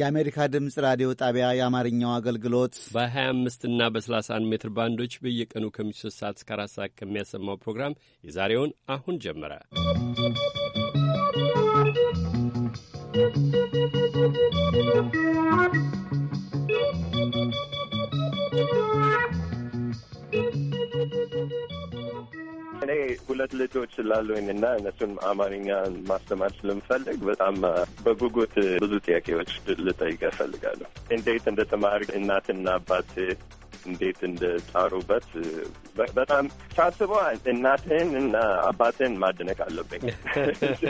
የአሜሪካ ድምፅ ራዲዮ ጣቢያ የአማርኛው አገልግሎት በ25 እና በ31 ሜትር ባንዶች በየቀኑ ከምሽቱ 3 ሰዓት እስከ 4 ሰዓት ከሚያሰማው ፕሮግራም የዛሬውን አሁን ጀመረ። ¶¶ እኔ ሁለት ልጆች ስላሉኝ እና እነሱን አማርኛ ማስተማር ስለምፈልግ በጣም በጉጉት ብዙ ጥያቄዎች ልጠይቀ እፈልጋለሁ። እንዴት እንደተማር እናትና አባት እንዴት እንደጣሩበት በጣም ሳስበው እናትህን እና አባትህን ማድነቅ አለብኝ።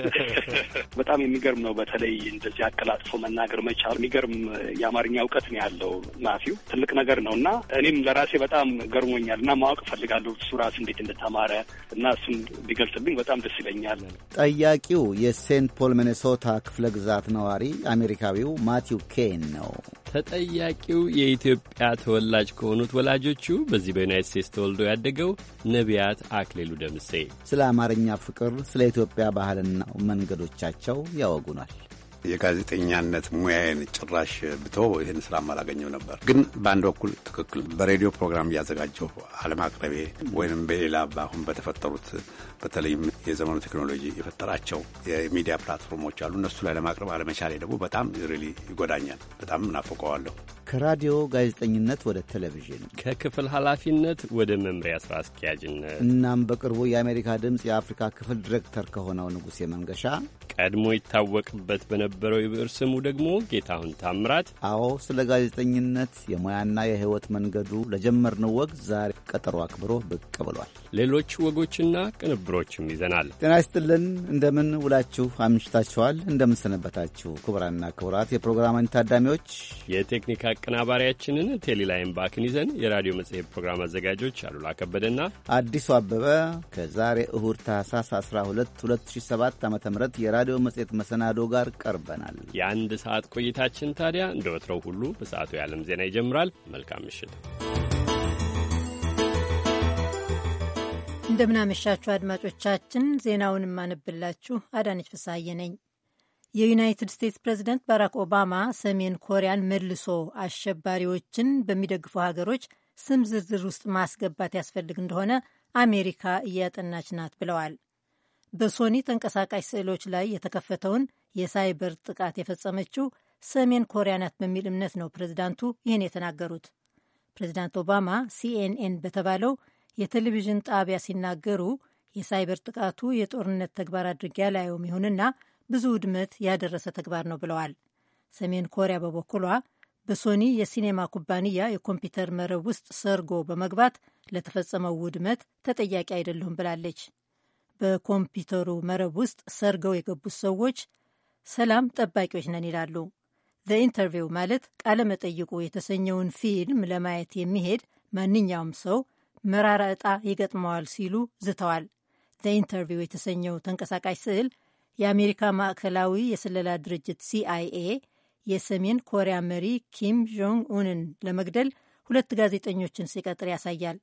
በጣም የሚገርም ነው። በተለይ እንደዚህ አቀላጥፎ መናገር መቻል የሚገርም የአማርኛ እውቀት ነው ያለው ማፊው ትልቅ ነገር ነው እና እኔም ለራሴ በጣም ገርሞኛል እና ማወቅ እፈልጋለሁ እሱ ራስ እንዴት እንደተማረ እና እሱን ቢገልጽብኝ በጣም ደስ ይለኛል። ጠያቂው የሴንት ፖል ሚኔሶታ ክፍለ ግዛት ነዋሪ አሜሪካዊው ማቲው ኬን ነው። ተጠያቂው የኢትዮጵያ ተወላጅ ከሆኑ የሚሉት ወላጆቹ በዚህ በዩናይት ስቴትስ ተወልዶ ያደገው ነቢያት አክሌሉ ደምሴ ስለ አማርኛ ፍቅር፣ ስለ ኢትዮጵያ ባህልና መንገዶቻቸው ያወጉናል። የጋዜጠኛነት ሙያዬን ጭራሽ ብቶ ይህን ስራ አላገኘው ነበር። ግን በአንድ በኩል ትክክል በሬዲዮ ፕሮግራም እያዘጋጀሁ አለማቅረቤ ወይም በሌላ አሁን በተፈጠሩት በተለይም የዘመኑ ቴክኖሎጂ የፈጠራቸው የሚዲያ ፕላትፎርሞች አሉ። እነሱ ላይ ለማቅረብ አለመቻሌ ደግሞ በጣም ሪሊ ይጎዳኛል። በጣም እናፈቀዋለሁ። ከራዲዮ ጋዜጠኝነት ወደ ቴሌቪዥን፣ ከክፍል ኃላፊነት ወደ መምሪያ ስራ አስኪያጅነት እናም በቅርቡ የአሜሪካ ድምፅ የአፍሪካ ክፍል ዲሬክተር ከሆነው ንጉሴ መንገሻ ቀድሞ ይታወቅበት በነበረው የብዕር ስሙ ደግሞ ጌታሁን ታምራት። አዎ ስለ ጋዜጠኝነት የሙያና የሕይወት መንገዱ ለጀመርነው ወግ ዛሬ ቀጠሮ አክብሮ ብቅ ብሏል። ሌሎች ወጎችና ቅንብ ቅንብሮችም ይዘናል። ጤና ይስጥልን። እንደምን ውላችሁ አምሽታችኋል? እንደምን ሰነበታችሁ? ክቡራና ክቡራት የፕሮግራማን ታዳሚዎች የቴክኒክ አቀናባሪያችንን ቴሌላይም ባክን ይዘን የራዲዮ መጽሔት ፕሮግራም አዘጋጆች አሉላ ከበደና አዲሱ አበበ ከዛሬ እሁድ ታህሳስ 12 2007 ዓ ም የራዲዮ መጽሔት መሰናዶ ጋር ቀርበናል። የአንድ ሰዓት ቆይታችን ታዲያ እንደ ወትረው ሁሉ በሰዓቱ የዓለም ዜና ይጀምራል። መልካም ምሽት። እንደምናመሻችሁ አድማጮቻችን፣ ዜናውን የማነብላችሁ አዳነች ፍሳዬ ነኝ። የዩናይትድ ስቴትስ ፕሬዚደንት ባራክ ኦባማ ሰሜን ኮሪያን መልሶ አሸባሪዎችን በሚደግፉ ሀገሮች ስም ዝርዝር ውስጥ ማስገባት ያስፈልግ እንደሆነ አሜሪካ እያጠናች ናት ብለዋል። በሶኒ ተንቀሳቃሽ ስዕሎች ላይ የተከፈተውን የሳይበር ጥቃት የፈጸመችው ሰሜን ኮሪያ ናት በሚል እምነት ነው ፕሬዚዳንቱ ይህን የተናገሩት። ፕሬዚዳንት ኦባማ ሲኤንኤን በተባለው የቴሌቪዥን ጣቢያ ሲናገሩ የሳይበር ጥቃቱ የጦርነት ተግባር አድርጌ አላየውም፣ ይሁንና ብዙ ውድመት ያደረሰ ተግባር ነው ብለዋል። ሰሜን ኮሪያ በበኩሏ በሶኒ የሲኔማ ኩባንያ የኮምፒውተር መረብ ውስጥ ሰርጎ በመግባት ለተፈጸመው ውድመት ተጠያቂ አይደለሁም ብላለች። በኮምፒውተሩ መረብ ውስጥ ሰርገው የገቡት ሰዎች ሰላም ጠባቂዎች ነን ይላሉ። ኢንተርቪው ማለት ቃለ መጠይቁ የተሰኘውን ፊልም ለማየት የሚሄድ ማንኛውም ሰው መራራ ዕጣ ይገጥመዋል ሲሉ ዝተዋል። ዘ ኢንተርቪው የተሰኘው ተንቀሳቃሽ ስዕል የአሜሪካ ማዕከላዊ የስለላ ድርጅት ሲአይኤ የሰሜን ኮሪያ መሪ ኪም ጆንግ ኡንን ለመግደል ሁለት ጋዜጠኞችን ሲቀጥር ያሳያል።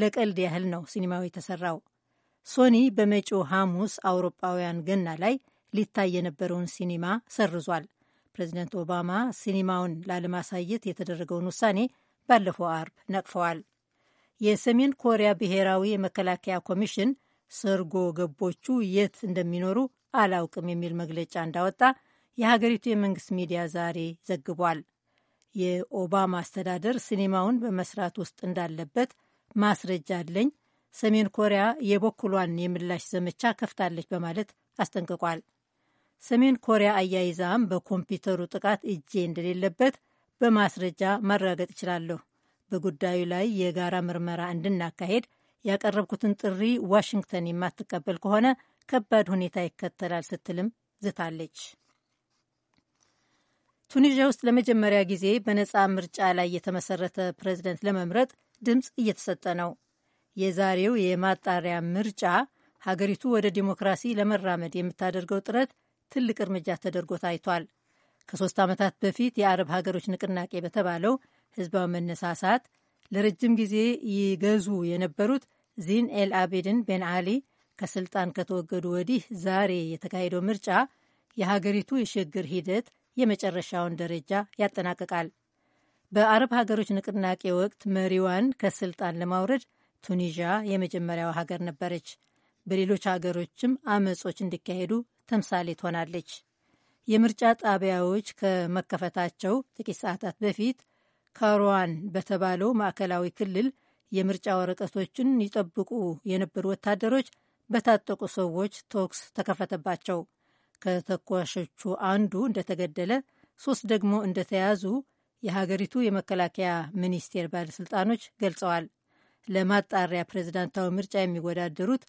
ለቀልድ ያህል ነው ሲኒማው የተሰራው። ሶኒ በመጪው ሐሙስ አውሮፓውያን ገና ላይ ሊታይ የነበረውን ሲኒማ ሰርዟል። ፕሬዚደንት ኦባማ ሲኒማውን ላለማሳየት የተደረገውን ውሳኔ ባለፈው አርብ ነቅፈዋል። የሰሜን ኮሪያ ብሔራዊ የመከላከያ ኮሚሽን ሰርጎ ገቦቹ የት እንደሚኖሩ አላውቅም የሚል መግለጫ እንዳወጣ የሀገሪቱ የመንግስት ሚዲያ ዛሬ ዘግቧል። የኦባማ አስተዳደር ሲኒማውን በመስራት ውስጥ እንዳለበት ማስረጃ አለኝ፣ ሰሜን ኮሪያ የበኩሏን የምላሽ ዘመቻ ከፍታለች በማለት አስጠንቅቋል። ሰሜን ኮሪያ አያይዛም በኮምፒውተሩ ጥቃት እጄ እንደሌለበት በማስረጃ ማረጋገጥ እችላለሁ በጉዳዩ ላይ የጋራ ምርመራ እንድናካሄድ ያቀረብኩትን ጥሪ ዋሽንግተን የማትቀበል ከሆነ ከባድ ሁኔታ ይከተላል ስትልም ዝታለች። ቱኒዥያ ውስጥ ለመጀመሪያ ጊዜ በነፃ ምርጫ ላይ የተመሰረተ ፕሬዝደንት ለመምረጥ ድምፅ እየተሰጠ ነው። የዛሬው የማጣሪያ ምርጫ ሀገሪቱ ወደ ዲሞክራሲ ለመራመድ የምታደርገው ጥረት ትልቅ እርምጃ ተደርጎ ታይቷል። ከሶስት ዓመታት በፊት የአረብ ሀገሮች ንቅናቄ በተባለው ህዝባዊ መነሳሳት ለረጅም ጊዜ ይገዙ የነበሩት ዚን ኤል አቤድን ቤን አሊ ከስልጣን ከተወገዱ ወዲህ ዛሬ የተካሄደው ምርጫ የሀገሪቱ የሽግግር ሂደት የመጨረሻውን ደረጃ ያጠናቅቃል። በአረብ ሀገሮች ንቅናቄ ወቅት መሪዋን ከስልጣን ለማውረድ ቱኒዥያ የመጀመሪያው ሀገር ነበረች። በሌሎች ሀገሮችም አመጾች እንዲካሄዱ ተምሳሌ ትሆናለች። የምርጫ ጣቢያዎች ከመከፈታቸው ጥቂት ሰዓታት በፊት ካሮዋን በተባለው ማዕከላዊ ክልል የምርጫ ወረቀቶችን ይጠብቁ የነበሩ ወታደሮች በታጠቁ ሰዎች ተኩስ ተከፈተባቸው። ከተኳሾቹ አንዱ እንደተገደለ፣ ሶስት ደግሞ እንደተያዙ የሀገሪቱ የመከላከያ ሚኒስቴር ባለሥልጣኖች ገልጸዋል። ለማጣሪያ ፕሬዝዳንታዊ ምርጫ የሚወዳደሩት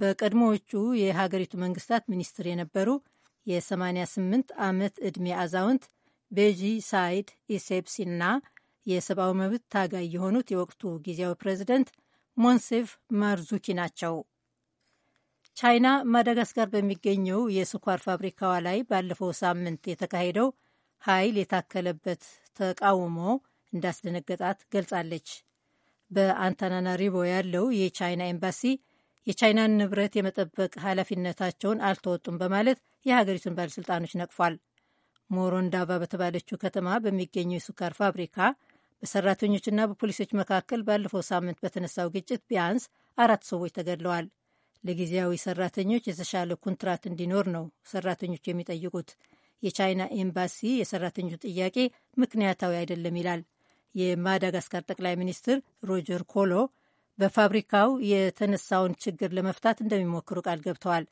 በቀድሞዎቹ የሀገሪቱ መንግስታት ሚኒስትር የነበሩ የ88 ዓመት ዕድሜ አዛውንት ቤጂ ሳይድ ኢሴፕሲና የሰብአዊ መብት ታጋይ የሆኑት የወቅቱ ጊዜያዊ ፕሬዚደንት ሞንሴቭ ማርዙኪ ናቸው። ቻይና ማዳጋስካር በሚገኘው የስኳር ፋብሪካዋ ላይ ባለፈው ሳምንት የተካሄደው ኃይል የታከለበት ተቃውሞ እንዳስደነገጣት ገልጻለች። በአንታናናሪቮ ያለው የቻይና ኤምባሲ የቻይናን ንብረት የመጠበቅ ኃላፊነታቸውን አልተወጡም በማለት የሀገሪቱን ባለሥልጣኖች ነቅፏል። ሞሮንዳቫ በተባለችው ከተማ በሚገኘው የስኳር ፋብሪካ በሰራተኞችና በፖሊሶች መካከል ባለፈው ሳምንት በተነሳው ግጭት ቢያንስ አራት ሰዎች ተገድለዋል። ለጊዜያዊ ሰራተኞች የተሻለ ኮንትራት እንዲኖር ነው ሰራተኞች የሚጠይቁት። የቻይና ኤምባሲ የሰራተኞች ጥያቄ ምክንያታዊ አይደለም ይላል። የማዳጋስካር ጠቅላይ ሚኒስትር ሮጀር ኮሎ በፋብሪካው የተነሳውን ችግር ለመፍታት እንደሚሞክሩ ቃል ገብተዋል።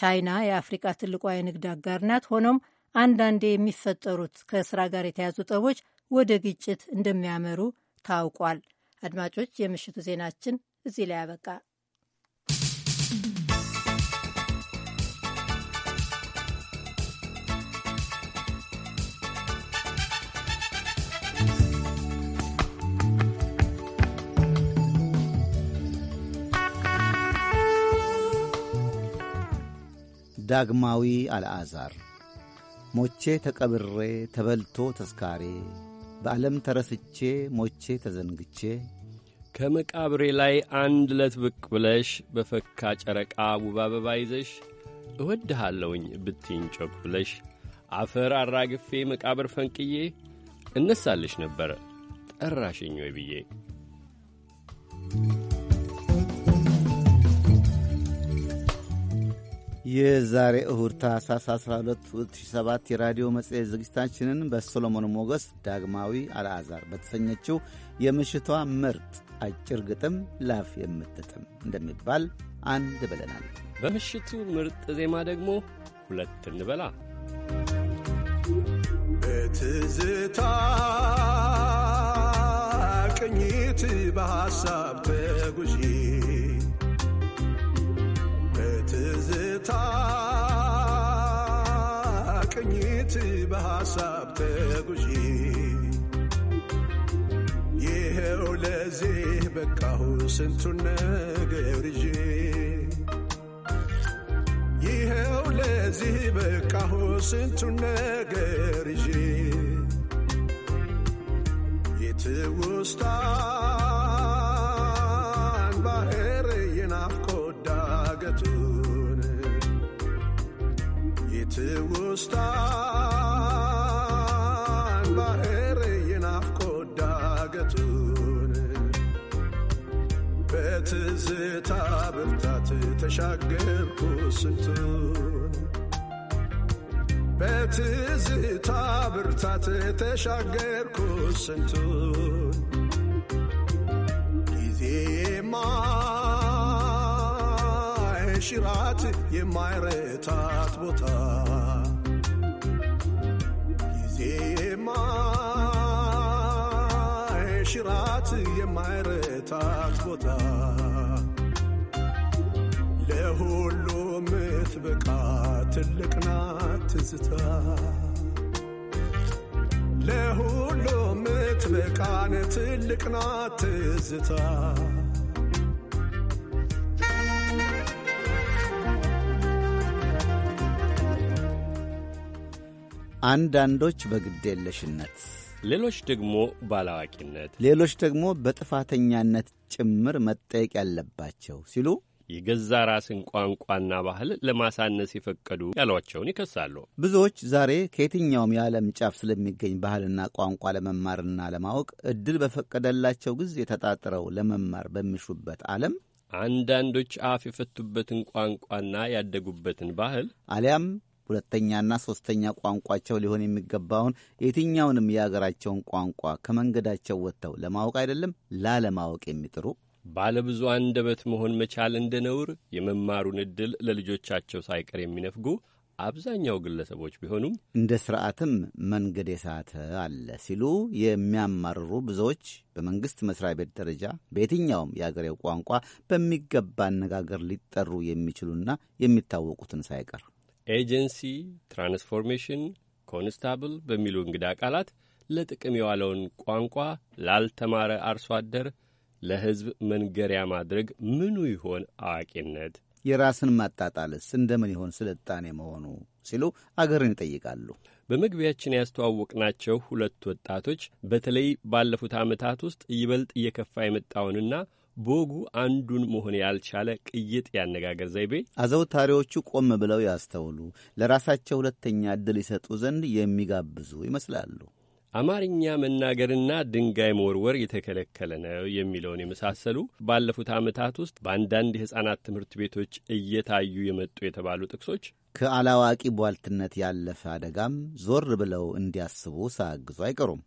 ቻይና የአፍሪቃ ትልቋ የንግድ አጋር ናት። ሆኖም አንዳንዴ የሚፈጠሩት ከስራ ጋር የተያዙ ጠቦች ወደ ግጭት እንደሚያመሩ ታውቋል። አድማጮች፣ የምሽቱ ዜናችን እዚህ ላይ ያበቃ። ዳግማዊ አልዓዛር ሞቼ ተቀብሬ ተበልቶ ተስካሬ በዓለም ተረስቼ ሞቼ ተዘንግቼ ከመቃብሬ ላይ አንድ ዕለት ብቅ ብለሽ በፈካ ጨረቃ ውብ አበባ ይዘሽ እወድሃለውኝ ብትኝ ጮክ ብለሽ አፈር አራግፌ መቃብር ፈንቅዬ እነሳልሽ ነበር! ጠራሽኝ ወይ ብዬ የዛሬ እሁድ ታህሳስ 12 2007 የራዲዮ መጽሔት ዝግጅታችንን በሶሎሞን ሞገስ ዳግማዊ አልአዛር በተሰኘችው የምሽቷ ምርጥ አጭር ግጥም ላፍ የምትጥም እንደሚባል አንድ ብለናል። በምሽቱ ምርጥ ዜማ ደግሞ ሁለት እንበላ በትዝታ ቅኝት በሐሳብ ተጉዢ በቃሁ ስንቱን ነገር ይዤ ይኸው ለዚህ በቃሁ ስንቱን ነገር ይዤ የትውስታን ባህር ዳገቱን ተሻገርኩ ስንቱን በትዝታ ብርታት ተሻገርኩ ስንቱን ጊዜ የማይሽራት የማይረታት ቦታ ጊዜ የማይሽራት የማይረታት ቦታ ለሁሉ ምትበቃ ትልቅ ናት ትዝታ ለሁሉ ምትበቃን ትልቅ ናት ትዝታ አንዳንዶች በግዴለሽነት ሌሎች ደግሞ ባላዋቂነት፣ ሌሎች ደግሞ በጥፋተኛነት ጭምር መጠየቅ ያለባቸው ሲሉ የገዛ ራስን ቋንቋና ባህል ለማሳነስ የፈቀዱ ያሏቸውን ይከሳሉ። ብዙዎች ዛሬ ከየትኛውም የዓለም ጫፍ ስለሚገኝ ባህልና ቋንቋ ለመማርና ለማወቅ እድል በፈቀደላቸው ጊዜ ተጣጥረው ለመማር በሚሹበት ዓለም አንዳንዶች አፍ የፈቱበትን ቋንቋና ያደጉበትን ባህል አሊያም ሁለተኛና ሦስተኛ ቋንቋቸው ሊሆን የሚገባውን የትኛውንም የአገራቸውን ቋንቋ ከመንገዳቸው ወጥተው ለማወቅ አይደለም ላለማወቅ የሚጥሩ ባለብዙ አንደበት መሆን መቻል እንደ ነውር የመማሩን ዕድል ለልጆቻቸው ሳይቀር የሚነፍጉ አብዛኛው ግለሰቦች ቢሆኑም እንደ ስርዓትም መንገድ የሳተ አለ ሲሉ የሚያማርሩ ብዙዎች በመንግሥት መስሪያ ቤት ደረጃ በየትኛውም የአገሬው ቋንቋ በሚገባ አነጋገር ሊጠሩ የሚችሉና የሚታወቁትን ሳይቀር ኤጀንሲ፣ ትራንስፎርሜሽን፣ ኮንስታብል በሚሉ እንግዳ ቃላት ለጥቅም የዋለውን ቋንቋ ላልተማረ አርሶ አደር ለሕዝብ መንገሪያ ማድረግ ምኑ ይሆን አዋቂነት? የራስን ማጣጣልስ እንደምን ይሆን ስልጣኔ መሆኑ ሲሉ አገርን ይጠይቃሉ። በመግቢያችን ያስተዋወቅናቸው ሁለት ወጣቶች በተለይ ባለፉት ዓመታት ውስጥ ይበልጥ እየከፋ የመጣውንና በወጉ አንዱን መሆን ያልቻለ ቅይጥ ያነጋገር ዘይቤ አዘውታሪዎቹ ቆም ብለው ያስተውሉ፣ ለራሳቸው ሁለተኛ ዕድል ይሰጡ ዘንድ የሚጋብዙ ይመስላሉ። አማርኛ መናገርና ድንጋይ መወርወር የተከለከለ ነው የሚለውን የመሳሰሉ ባለፉት ዓመታት ውስጥ በአንዳንድ የሕፃናት ትምህርት ቤቶች እየታዩ የመጡ የተባሉ ጥቅሶች ከአላዋቂ ቧልትነት ያለፈ አደጋም ዞር ብለው እንዲያስቡ ሳግዙ አይቀሩም።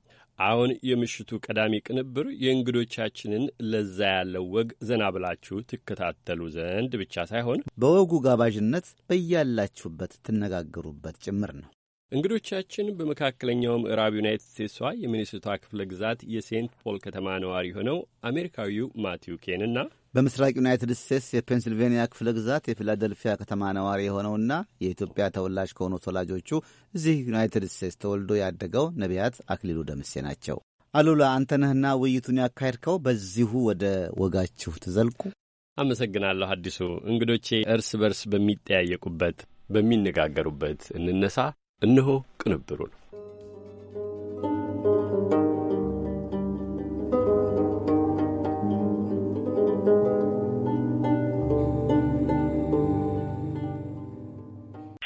አሁን የምሽቱ ቀዳሚ ቅንብር የእንግዶቻችንን ለዛ ያለው ወግ ዘና ብላችሁ ትከታተሉ ዘንድ ብቻ ሳይሆን በወጉ ጋባዥነት በያላችሁበት ትነጋገሩበት ጭምር ነው። እንግዶቻችን በመካከለኛው ምዕራብ ዩናይትድ ስቴትሷ የሚኒሶታ ክፍለ ግዛት የሴንት ፖል ከተማ ነዋሪ ሆነው አሜሪካዊው ማቲው ኬንና በምስራቅ ዩናይትድ ስቴትስ የፔንስልቬንያ ክፍለ ግዛት የፊላደልፊያ ከተማ ነዋሪ የሆነውና የኢትዮጵያ ተወላጅ ከሆኑት ወላጆቹ እዚህ ዩናይትድ ስቴትስ ተወልዶ ያደገው ነቢያት አክሊሉ ደምሴ ናቸው። አሉላ አንተነህና ውይይቱን ያካሄድከው በዚሁ ወደ ወጋችሁ ትዘልቁ። አመሰግናለሁ አዲሱ። እንግዶቼ እርስ በርስ በሚጠያየቁበት በሚነጋገሩበት እንነሳ። እነሆ ቅንብሩ ነው።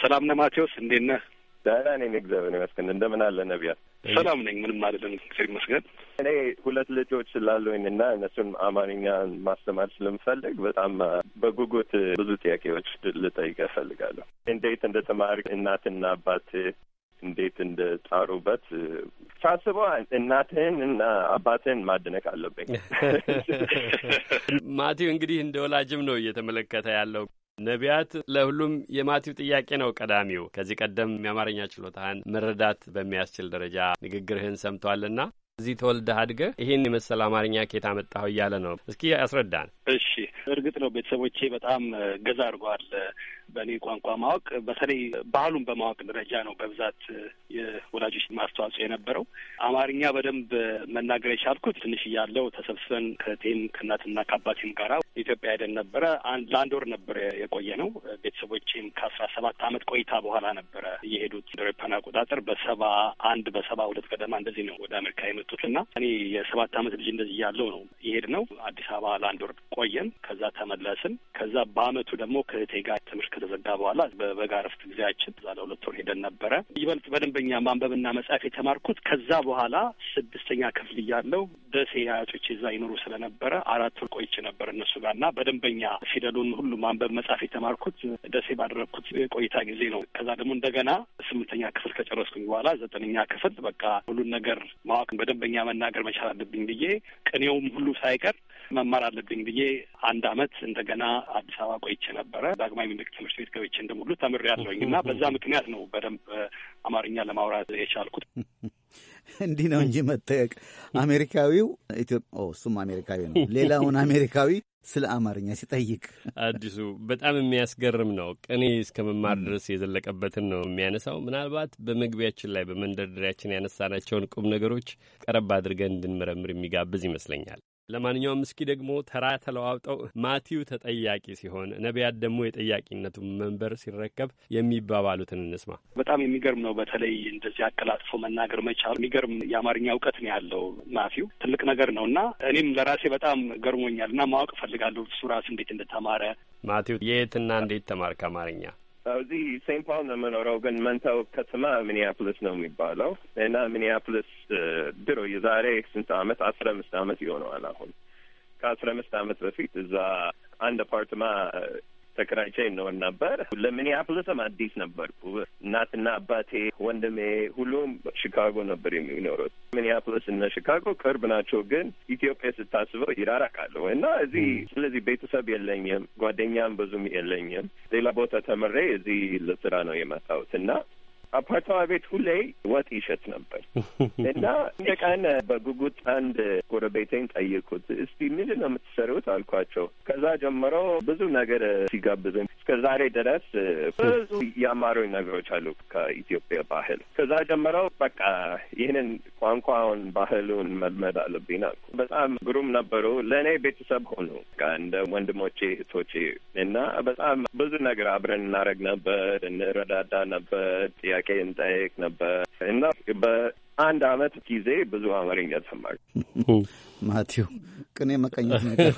ሰላም ነህ ማቴዎስ፣ እንዴት ነህ? ደህና ነኝ፣ እግዚአብሔር ይመስገን። እንደምን አለ ነቢያት? ሰላም ነኝ፣ ምንም አይደለም፣ እግዚአብሔር ይመስገን። እኔ ሁለት ልጆች ስላሉኝ እና እነሱን አማርኛ ማስተማር ስለምፈልግ በጣም በጉጉት ብዙ ጥያቄዎች ልጠይቀ እፈልጋለሁ። እንዴት እንደ ተማሪ እናትና አባት እንዴት እንደ ጣሩበት ሳስበው እናትህን እና አባትህን ማድነቅ አለብኝ። ማቲው እንግዲህ እንደ ወላጅም ነው እየተመለከተ ያለው። ነቢያት ለሁሉም የማቲው ጥያቄ ነው ቀዳሚው። ከዚህ ቀደም የአማርኛ ችሎታህን መረዳት በሚያስችል ደረጃ ንግግርህን ሰምቷልና እዚህ ተወልደህ አድገህ ይህን የመሰለ አማርኛ ኬት አመጣኸው እያለ ነው። እስኪ ያስረዳን። እሺ፣ እርግጥ ነው ቤተሰቦቼ በጣም ገዛ አድርገዋል በእኔ ቋንቋ ማወቅ በተለይ ባህሉን በማወቅ ደረጃ ነው በብዛት የወላጆች ማስተዋጽኦ የነበረው። አማርኛ በደንብ መናገር የቻልኩት ትንሽ እያለሁ ተሰብስበን ከቴም ከእናትና ከአባቴም ጋራ ኢትዮጵያ ሄደን ነበረ። ለአንድ ወር ነበረ የቆየ ነው። ቤተሰቦቼም ከአስራ ሰባት አመት ቆይታ በኋላ ነበረ እየሄዱት እንደ አቆጣጠር በሰባ አንድ በሰባ ሁለት ገደማ እንደዚህ ነው ወደ አሜሪካ የመጡት እና እኔ የሰባት አመት ልጅ እንደዚህ እያለሁ ነው የሄድ ነው። አዲስ አበባ ለአንድ ወር ቆየን። ከዛ ተመለስን። ከዛ በአመቱ ደግሞ ከእህቴ ጋር ትምህርት ከተዘጋ በኋላ በበጋ ጊዜያችን እዛ ለሁለት ወር ሄደን ነበረ። ይበልጥ በደንበኛ ማንበብና መጻፍ የተማርኩት ከዛ በኋላ ስድስተኛ ክፍል እያለሁ ደሴ አያቶቼ እዛ ይኖሩ ስለነበረ አራት ወር ቆይቼ ነበር እነሱ ጋር እና በደንበኛ ፊደሉን ሁሉ ማንበብ መጻፍ የተማርኩት ደሴ ባደረግኩት ቆይታ ጊዜ ነው። ከዛ ደግሞ እንደገና ስምንተኛ ክፍል ከጨረስኩኝ በኋላ ዘጠነኛ ክፍል በቃ ሁሉን ነገር ማወቅ በደንበኛ መናገር መቻል አለብኝ ብዬ ቅኔውም ሁሉ ሳይቀር መማር አለብኝ ብዬ አንድ አመት እንደገና አዲስ አበባ ቆይቼ ነበረ። ዳግማዊ ምኒልክ ትምህርት ቤት ገብቼ እንደሙሉ ተምሬ እና በዛ ምክንያት ነው በደንብ አማርኛ ለማውራት የቻልኩት። እንዲህ ነው እንጂ መጠየቅ አሜሪካዊው እሱም አሜሪካዊ ነው ሌላውን አሜሪካዊ ስለ አማርኛ ሲጠይቅ አዲሱ በጣም የሚያስገርም ነው። ቅኔ እስከ መማር ድረስ የዘለቀበትን ነው የሚያነሳው። ምናልባት በመግቢያችን ላይ በመንደርደሪያችን ያነሳናቸውን ቁም ነገሮች ቀረብ አድርገን እንድንመረምር የሚጋብዝ ይመስለኛል። ለማንኛውም እስኪ ደግሞ ተራ ተለዋውጠው ማቲው ተጠያቂ ሲሆን ነቢያት ደግሞ የጠያቂነቱን መንበር ሲረከብ የሚባባሉትን እንስማ። በጣም የሚገርም ነው። በተለይ እንደዚህ አቀላጥፎ መናገር መቻሉ የሚገርም የአማርኛ እውቀት ነው ያለው ማቲው። ትልቅ ነገር ነው እና እኔም ለራሴ በጣም ገርሞኛል እና ማወቅ እፈልጋለሁ እሱ ራስ እንዴት እንደተማረ። ማቲው የትና እንዴት ተማርክ አማርኛ? እዚህ ሴንት ፓውል ነው የምኖረው፣ ግን መንታው ከተማ ሚኒያፖሊስ ነው የሚባለው እና ሚኒያፖሊስ ድሮ የዛሬ ስንት አመት አስራ አምስት አመት ይሆነዋል አሁን ከአስራ አምስት አመት በፊት እዛ አንድ አፓርትማ ተከራይቼ ነው ነበር። ለሚኒያፖሊስም አዲስ ነበርኩ። እናትና አባቴ፣ ወንድሜ ሁሉም ሺካጎ ነበር የሚኖሩት። ሚኒያፖሊስ እና ሺካጎ ቅርብ ናቸው፣ ግን ኢትዮጵያ ስታስበው ይራራቃሉ እና እዚህ ስለዚህ ቤተሰብ የለኝም፣ ጓደኛም ብዙም የለኝም። ሌላ ቦታ ተምሬ እዚህ ለስራ ነው የመጣሁት እና አፓርታማ ቤት ሁሌ ወጥ ይሸት ነበር እና እንደ ቀን በጉጉት አንድ ጎረቤቴን ጠየኩት። እስቲ ምንድን ነው የምትሰሩት አልኳቸው። ከዛ ጀምሮ ብዙ ነገር ሲጋብዘኝ እስከ ዛሬ ድረስ ብዙ ያማሩኝ ነገሮች አሉ ከኢትዮጵያ ባህል። ከዛ ጀምሮ በቃ ይህንን ቋንቋውን ባህሉን መልመድ አለብኝ አልኩ። በጣም ግሩም ነበሩ። ለእኔ ቤተሰብ ሆኑ እንደ ወንድሞቼ እህቶቼ። እና በጣም ብዙ ነገር አብረን እናደርግ ነበር፣ እንረዳዳ ነበር። ጥያቄ እንጠይቅ ነበር እና አንድ አመት ጊዜ ብዙ አማርኛ ተማርኩ። ማቴው ቅኔ መቀኘት ነገር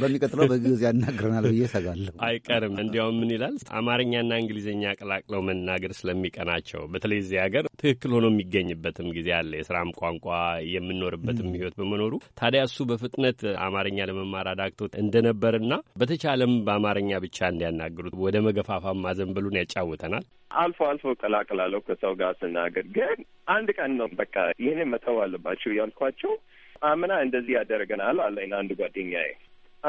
በሚቀጥለው በጊዜ ያናግረናል ብዬ ሰጋለሁ። አይቀርም። እንዲያውም ምን ይላል አማርኛና እንግሊዝኛ ቀላቅለው መናገር ስለሚቀናቸው በተለይ እዚህ ሀገር ትክክል ሆኖ የሚገኝበትም ጊዜ አለ። የስራም ቋንቋ የምኖርበትም ህይወት በመኖሩ ታዲያ እሱ በፍጥነት አማርኛ ለመማር አዳግቶት እንደነበርና በተቻለም በአማርኛ ብቻ እንዲያናግሩት ወደ መገፋፋም ማዘንበሉን ያጫውተናል። አልፎ አልፎ ቀላቅላለሁ ከሰው ጋር ስናገር ግን አንድ ቀን ነው አይደለም። በቃ ይህንን መተው አለባቸው ያልኳቸው አምና እንደዚህ ያደረገናል አለኝ አንድ ጓደኛዬ።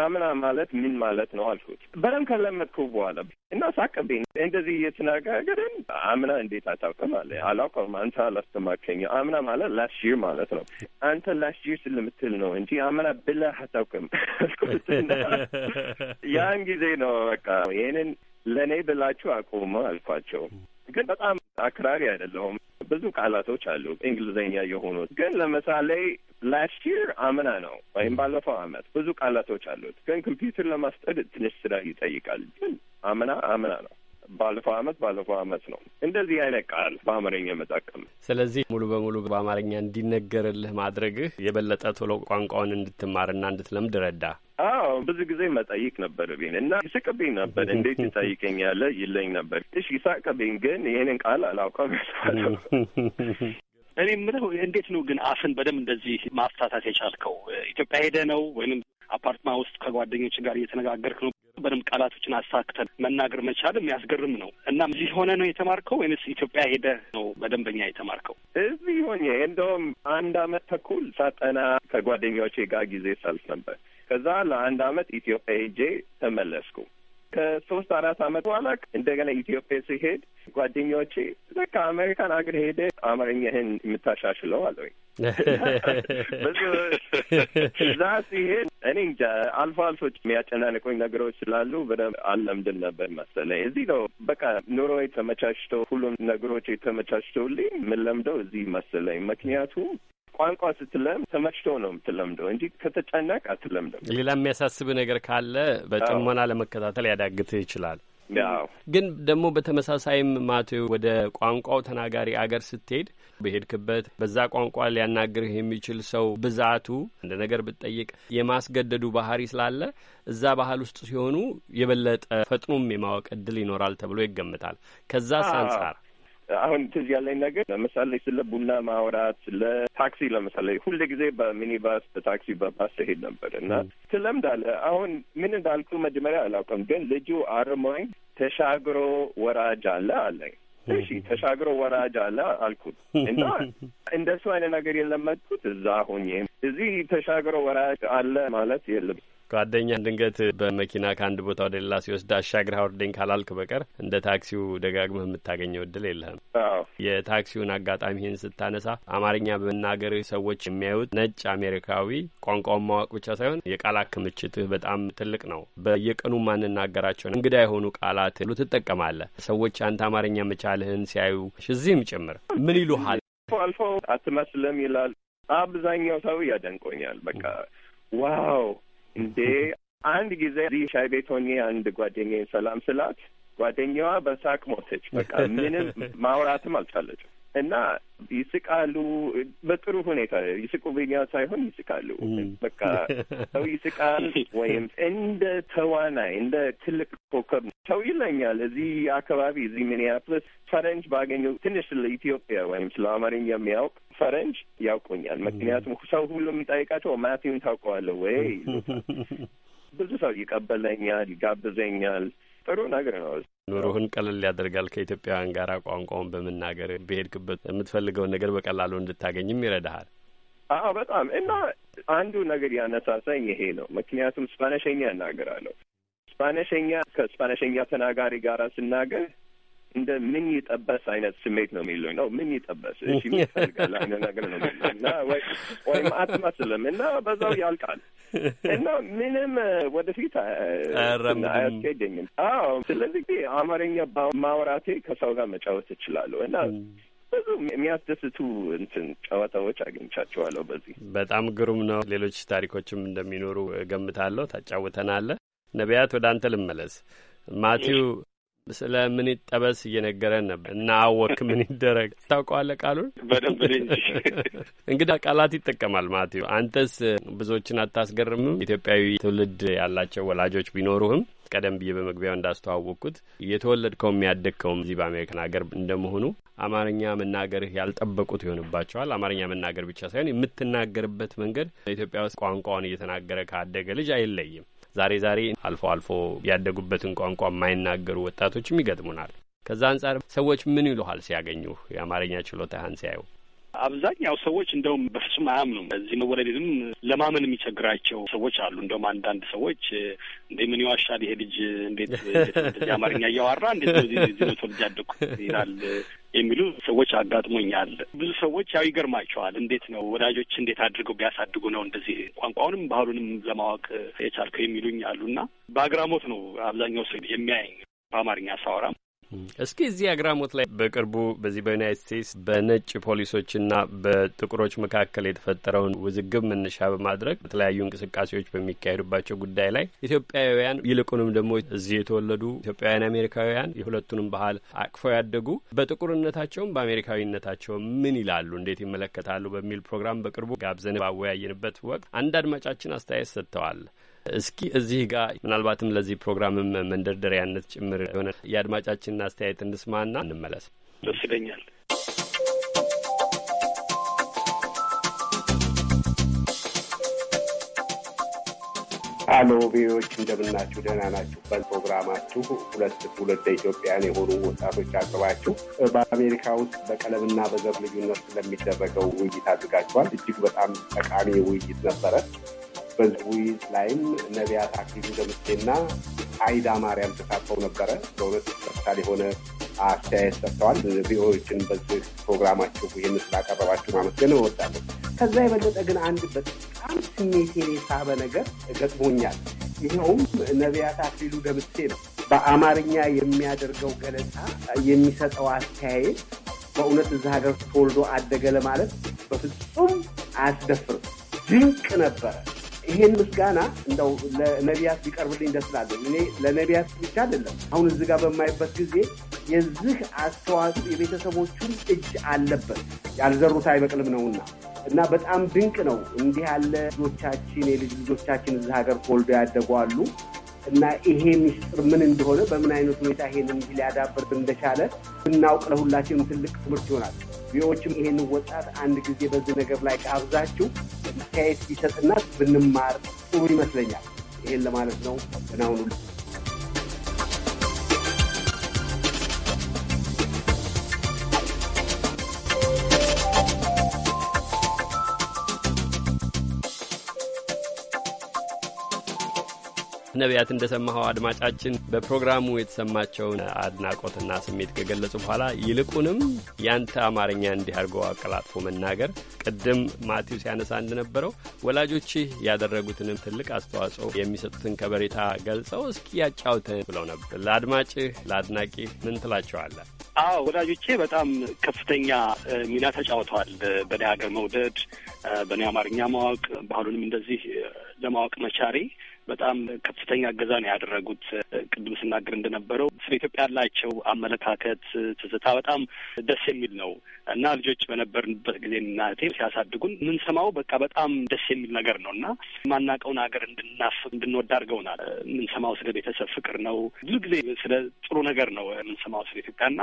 አምና ማለት ምን ማለት ነው አልኩት። በደንብ ከለመድኩ በኋላ እና ሳቀብኝ። እንደዚህ እየተነጋገርን አምና እንዴት አታውቅም አለ። አላውቀውም አንተ አላስተማርከኝ። አምና ማለት ላስት ይር ማለት ነው። አንተ ላስት ይር ስለምትል ነው እንጂ አምና ብለህ አታውቅም አልኩት። ያን ጊዜ ነው በቃ ይህንን ለእኔ ብላችሁ አቁሙ አልኳቸው። ግን በጣም አክራሪ አይደለሁም። ብዙ ቃላቶች አሉ እንግሊዝኛ የሆኑት ግን ለምሳሌ ላስት ይር አምና ነው ወይም ባለፈው አመት ብዙ ቃላቶች አሉት። ግን ኮምፒውተር ለማስጠድ ትንሽ ስራ ይጠይቃል። ግን አምና አምና ነው። ባለፈው አመት ባለፈው አመት ነው እንደዚህ አይነት ቃል በአማርኛ መጠቀም። ስለዚህ ሙሉ በሙሉ በአማርኛ እንዲነገርልህ ማድረግህ የበለጠ ቶሎ ቋንቋውን እንድትማርና እንድትለምድ ረዳ። አዎ ብዙ ጊዜ መጠይቅ ነበረብኝ እና ይስቅብኝ ነበር። እንዴት ትጠይቀኛለህ ይለኝ ነበር። እሺ ይሳቅብኝ፣ ግን ይህንን ቃል አላውቀም። እኔ የምለው እንዴት ነው ግን አፍን በደንብ እንደዚህ ማፍታታት የቻልከው? ኢትዮጵያ ሄደህ ነው ወይም አፓርትማ ውስጥ ከጓደኞች ጋር እየተነጋገርክ ነው? በደንብ ቃላቶችን አሳክተን መናገር መቻል የሚያስገርም ነው እና እዚህ ሆነ ነው የተማርከው ወይንስ ኢትዮጵያ ሄደ ነው በደንበኛ የተማርከው? እዚህ ሆኜ እንደውም አንድ አመት ተኩል ሳጠና ከጓደኛዎቼ ጋር ጊዜ ሰልፍ ነበር። ከዛ ለአንድ አመት ኢትዮጵያ ሄጄ ተመለስኩ። ከሶስት አራት አመት በኋላ እንደገና ኢትዮጵያ ሲሄድ ጓደኛዎቼ በቃ አሜሪካን አገር ሄደ አማርኛህን የምታሻሽለው አለኝ። እዛ ሲሄድ እኔ እንጃ አልፎ አልፎ የሚያጨናንቁኝ ነገሮች ስላሉ በደንብ አልለምድም ነበር መሰለኝ። እዚህ ነው በቃ ኑሮ የተመቻችተው ሁሉም ነገሮች የተመቻችተውልኝ የምለምደው እዚህ መሰለኝ ምክንያቱም ቋንቋ ስትለም ተመችቶ ነው የምትለምደው እንጂ ከተጨነቅ አትለምደም። ሌላ የሚያሳስብ ነገር ካለ በጥሞና ለመከታተል ያዳግትህ ይችላል። ግን ደግሞ በተመሳሳይም ማቴው ወደ ቋንቋው ተናጋሪ አገር ስትሄድ በሄድክበት በዛ ቋንቋ ሊያናግርህ የሚችል ሰው ብዛቱ እንደ ነገር ብትጠይቅ የማስገደዱ ባህሪ ስላለ እዛ ባህል ውስጥ ሲሆኑ የበለጠ ፈጥኖም የማወቅ እድል ይኖራል ተብሎ ይገምታል። ከዛስ አንጻር አሁን ትዝ ያለኝ ነገር ለምሳሌ ስለ ቡና ማውራት፣ ስለ ታክሲ ለምሳሌ ሁል ጊዜ በሚኒባስ በታክሲ በባስ ሄድ ነበር እና ትለምዳለህ። አሁን ምን እንዳልኩ መጀመሪያ አላውቅም፣ ግን ልጁ አርሞኝ ተሻግሮ ወራጅ አለ አለኝ። እሺ ተሻግሮ ወራጅ አለ አልኩት እና እንደሱ አይነት ነገር የለመድኩት እዛ ሆኜ እዚህ ተሻግሮ ወራጅ አለ ማለት የለም። ጓደኛ ድንገት በመኪና ከአንድ ቦታ ወደ ሌላ ሲወስድ አሻግር አውርደኝ ካላልክ በቀር እንደ ታክሲው ደጋግመህ የምታገኘው እድል የለህም። የታክሲውን አጋጣሚህን ስታነሳ አማርኛ በመናገር ሰዎች የሚያዩት ነጭ አሜሪካዊ ቋንቋውን ማወቅ ብቻ ሳይሆን የቃላት ክምችትህ በጣም ትልቅ ነው። በየቀኑ ማንናገራቸውን እንግዳ የሆኑ ቃላት ሉ ትጠቀማለህ። ሰዎች አንተ አማርኛ መቻልህን ሲያዩ እዚህም ጭምር ምን ይሉሃል? አልፎ አልፎ አትመስልም ይላል። አብዛኛው ሰው ያደንቆኛል። በቃ ዋው እንዴ አንድ ጊዜ እዚህ ሻይ ቤት ሆኜ አንድ ጓደኛዬን ሰላም ስላት ጓደኛዋ በሳቅ ሞተች። በቃ ምንም ማውራትም አልቻለችም። እና ይስቃሉ። በጥሩ ሁኔታ ይስቁ ብኛ ሳይሆን ይስቃሉ። በቃ ሰው ይስቃል፣ ወይም እንደ ተዋናይ እንደ ትልቅ ኮከብ ሰው ይለኛል። እዚህ አካባቢ እዚህ ሚኒያፖሊስ ፈረንጅ ባገኘ ትንሽ ስለ ኢትዮጵያ ወይም ስለ አማርኛ የሚያውቅ ፈረንጅ ያውቁኛል። ምክንያቱም ሰው ሁሉ የሚጠይቃቸው ማቲውን ታውቀዋለሁ ወይ ብዙ ሰው ይቀበለኛል፣ ይጋብዘኛል። ጥሩ ነገር ነው። ኑሮህን ቀለል ያደርጋል። ከኢትዮጵያውያን ጋር ቋንቋውን በመናገር በሄድክበት የምትፈልገውን ነገር በቀላሉ እንድታገኝም ይረዳሃል። አዎ በጣም እና አንዱ ነገር ያነሳሳኝ ይሄ ነው። ምክንያቱም ስፓነሸኛ እናገራለሁ። ስፓነሸኛ ከስፓነሸኛ ተናጋሪ ጋር ስናገር እንደ ምን ይጠበስ አይነት ስሜት ነው የሚሉኝ። ነው ምን ይጠበስ እሺ፣ ምን ይፈልጋል አይነት ነገር ነው እና ወይ ወይም አትመስልም እና በዛው ያልቃል እና ምንም ወደፊት አያስኬደኝም። አዎ፣ ስለዚህ አማርኛ ማውራቴ ከሰው ጋር መጫወት እችላለሁ እና ብዙ የሚያስደስቱ እንትን ጨዋታዎች አግኝቻቸዋለሁ። በዚህ በጣም ግሩም ነው። ሌሎች ታሪኮችም እንደሚኖሩ እገምታለሁ። ታጫውተናለህ። ነቢያት፣ ወደ አንተ ልመለስ። ማቲው ስለ ምን ጠበስ እየነገረን ነበር እና አወክ ምን ይደረግ ታውቀዋለህ? ቃሉን በደንብ እንጂ እንግዲህ ቃላት ይጠቀማል ማቴው። አንተስ ብዙዎችን አታስገርምም? ኢትዮጵያዊ ትውልድ ያላቸው ወላጆች ቢኖሩህም ቀደም ብዬ በመግቢያው እንዳስተዋወቅኩት የተወለድከውም ያደግከውም እዚህ በአሜሪካን ሀገር እንደመሆኑ አማርኛ መናገርህ ያልጠበቁት ይሆንባቸዋል። አማርኛ መናገር ብቻ ሳይሆን የምትናገርበት መንገድ ኢትዮጵያ ውስጥ ቋንቋውን እየተናገረ ካደገ ልጅ አይለይም። ዛሬ ዛሬ አልፎ አልፎ ያደጉበትን ቋንቋ የማይናገሩ ወጣቶችም ይገጥሙናል። ከዛ አንጻር ሰዎች ምን ይሉሃል ሲያገኙ የአማርኛ ችሎታህን ሲያዩ? አብዛኛው ሰዎች እንደውም በፍጹም አያምኑም። እዚህ መወለዴንም ለማመን የሚቸግራቸው ሰዎች አሉ። እንደውም አንዳንድ ሰዎች እንደ ምን ይዋሻል ይሄ ልጅ እንዴት አማርኛ እያዋራ እንዴት ነው እዚህ ተወልጄ ያደግኩት ይላል የሚሉ ሰዎች አጋጥሞኛል። ብዙ ሰዎች ያው ይገርማቸዋል። እንዴት ነው ወዳጆች እንዴት አድርገው ቢያሳድጉ ነው እንደዚህ ቋንቋውንም ባህሉንም ለማወቅ የቻልከው የሚሉኝ አሉና በአግራሞት ነው አብዛኛው ሰው የሚያየኝ በአማርኛ ሳወራም እስኪ እዚህ አግራሞት ላይ በቅርቡ በዚህ በዩናይት ስቴትስ በነጭ ፖሊሶችና በጥቁሮች መካከል የተፈጠረውን ውዝግብ መነሻ በማድረግ በተለያዩ እንቅስቃሴዎች በሚካሄዱባቸው ጉዳይ ላይ ኢትዮጵያውያን ይልቁንም ደግሞ እዚህ የተወለዱ ኢትዮጵያውያን አሜሪካውያን የሁለቱንም ባህል አቅፈው ያደጉ በጥቁርነታቸውም በአሜሪካዊነታቸው ምን ይላሉ፣ እንዴት ይመለከታሉ በሚል ፕሮግራም በቅርቡ ጋብዘን ባወያየንበት ወቅት አንድ አድማጫችን አስተያየት ሰጥተዋል። እስኪ እዚህ ጋር ምናልባትም ለዚህ ፕሮግራምም መንደርደሪያነት ጭምር የሆነ የአድማጫችንን አስተያየት እንስማና እንመለስ። ደስ ይለኛል። አሎ ቪዎች እንደምናችሁ ደህና ናችሁ? በፕሮግራማችሁ ሁለት ሁለት ኢትዮጵያን የሆኑ ወጣቶች አቅርባችሁ በአሜሪካ ውስጥ በቀለምና በዘር ልዩነት ስለሚደረገው ውይይት አድርጋችኋል። እጅግ በጣም ጠቃሚ ውይይት ነበረ። በዝዊዝ ላይም ነቢያት አክሊሉ ደምሴና አይዳ ማርያም ተሳትፈው ነበረ። በእውነት ተሳል የሆነ አስተያየት ሰጥተዋል። ቪኦችን በዚህ ፕሮግራማቸው ይህን ስላቀረባቸው ማመስገን እወዳለሁ። ከዛ የበለጠ ግን አንድ በጣም ስሜቴን የሳበ ነገር ገጥሞኛል። ይኸውም ነቢያት አክሊሉ ደምሴ ነው። በአማርኛ የሚያደርገው ገለጻ፣ የሚሰጠው አስተያየት በእውነት እዚህ ሀገር ተወልዶ አደገ ለማለት በፍጹም አያስደፍርም። ድንቅ ነበረ። ይሄን ምስጋና እንደው ለነቢያት ቢቀርብልኝ ደስ ላለን። እኔ ለነቢያት ብቻ አይደለም አሁን እዚህ ጋር በማይበት ጊዜ የዚህ አስተዋጽኦ የቤተሰቦቹን እጅ አለበት፣ ያልዘሩት አይበቅልም ነውና እና በጣም ድንቅ ነው። እንዲህ ያለ ልጆቻችን የልጅ ልጆቻችን እዚህ ሀገር ተወልዶ ያደጉ አሉ እና ይሄ ሚስጥር ምን እንደሆነ በምን አይነት ሁኔታ ይሄንን ሊያዳብር እንደቻለ ብናውቅ ለሁላችንም ትልቅ ትምህርት ይሆናል። ቪዎችም ይሄን ወጣት አንድ ጊዜ በዚህ ነገር ላይ ከአብዛችሁ አስተያየት ቢሰጥና ብንማር ጥሩ ይመስለኛል። ይሄን ለማለት ነው። ደህና ሁኑ። ነቢያት እንደሰማኸው አድማጫችን በፕሮግራሙ የተሰማቸውን አድናቆትና ስሜት ከገለጹ በኋላ ይልቁንም ያንተ አማርኛ እንዲህ አድርገው አቀላጥፎ መናገር ቅድም ማቲው ሲያነሳ እንደነበረው ወላጆችህ ያደረጉትንም ትልቅ አስተዋጽኦ የሚሰጡትን ከበሬታ ገልጸው እስኪ ያጫውተን ብለው ነበር። ለአድማጭህ ለአድናቂህ ምን ትላቸዋለህ? አዎ ወላጆቼ በጣም ከፍተኛ ሚና ተጫውተዋል። በእኔ ሀገር መውደድ፣ በእኔ አማርኛ ማወቅ፣ ባህሉንም እንደዚህ ለማወቅ መቻሬ በጣም ከፍተኛ እገዛ ነው ያደረጉት። ቅድም ስናገር እንደነበረው ስለ ኢትዮጵያ ያላቸው አመለካከት፣ ትዝታ በጣም ደስ የሚል ነው እና ልጆች በነበርንበት ጊዜ እናቴ ሲያሳድጉን የምንሰማው በቃ በጣም ደስ የሚል ነገር ነው እና የማናውቀውን ሀገር እንድናፍ እንድንወድ አድርገውናል። የምንሰማው ስለ ቤተሰብ ፍቅር ነው። ብዙ ጊዜ ስለ ጥሩ ነገር ነው የምንሰማው ስለ ኢትዮጵያ እና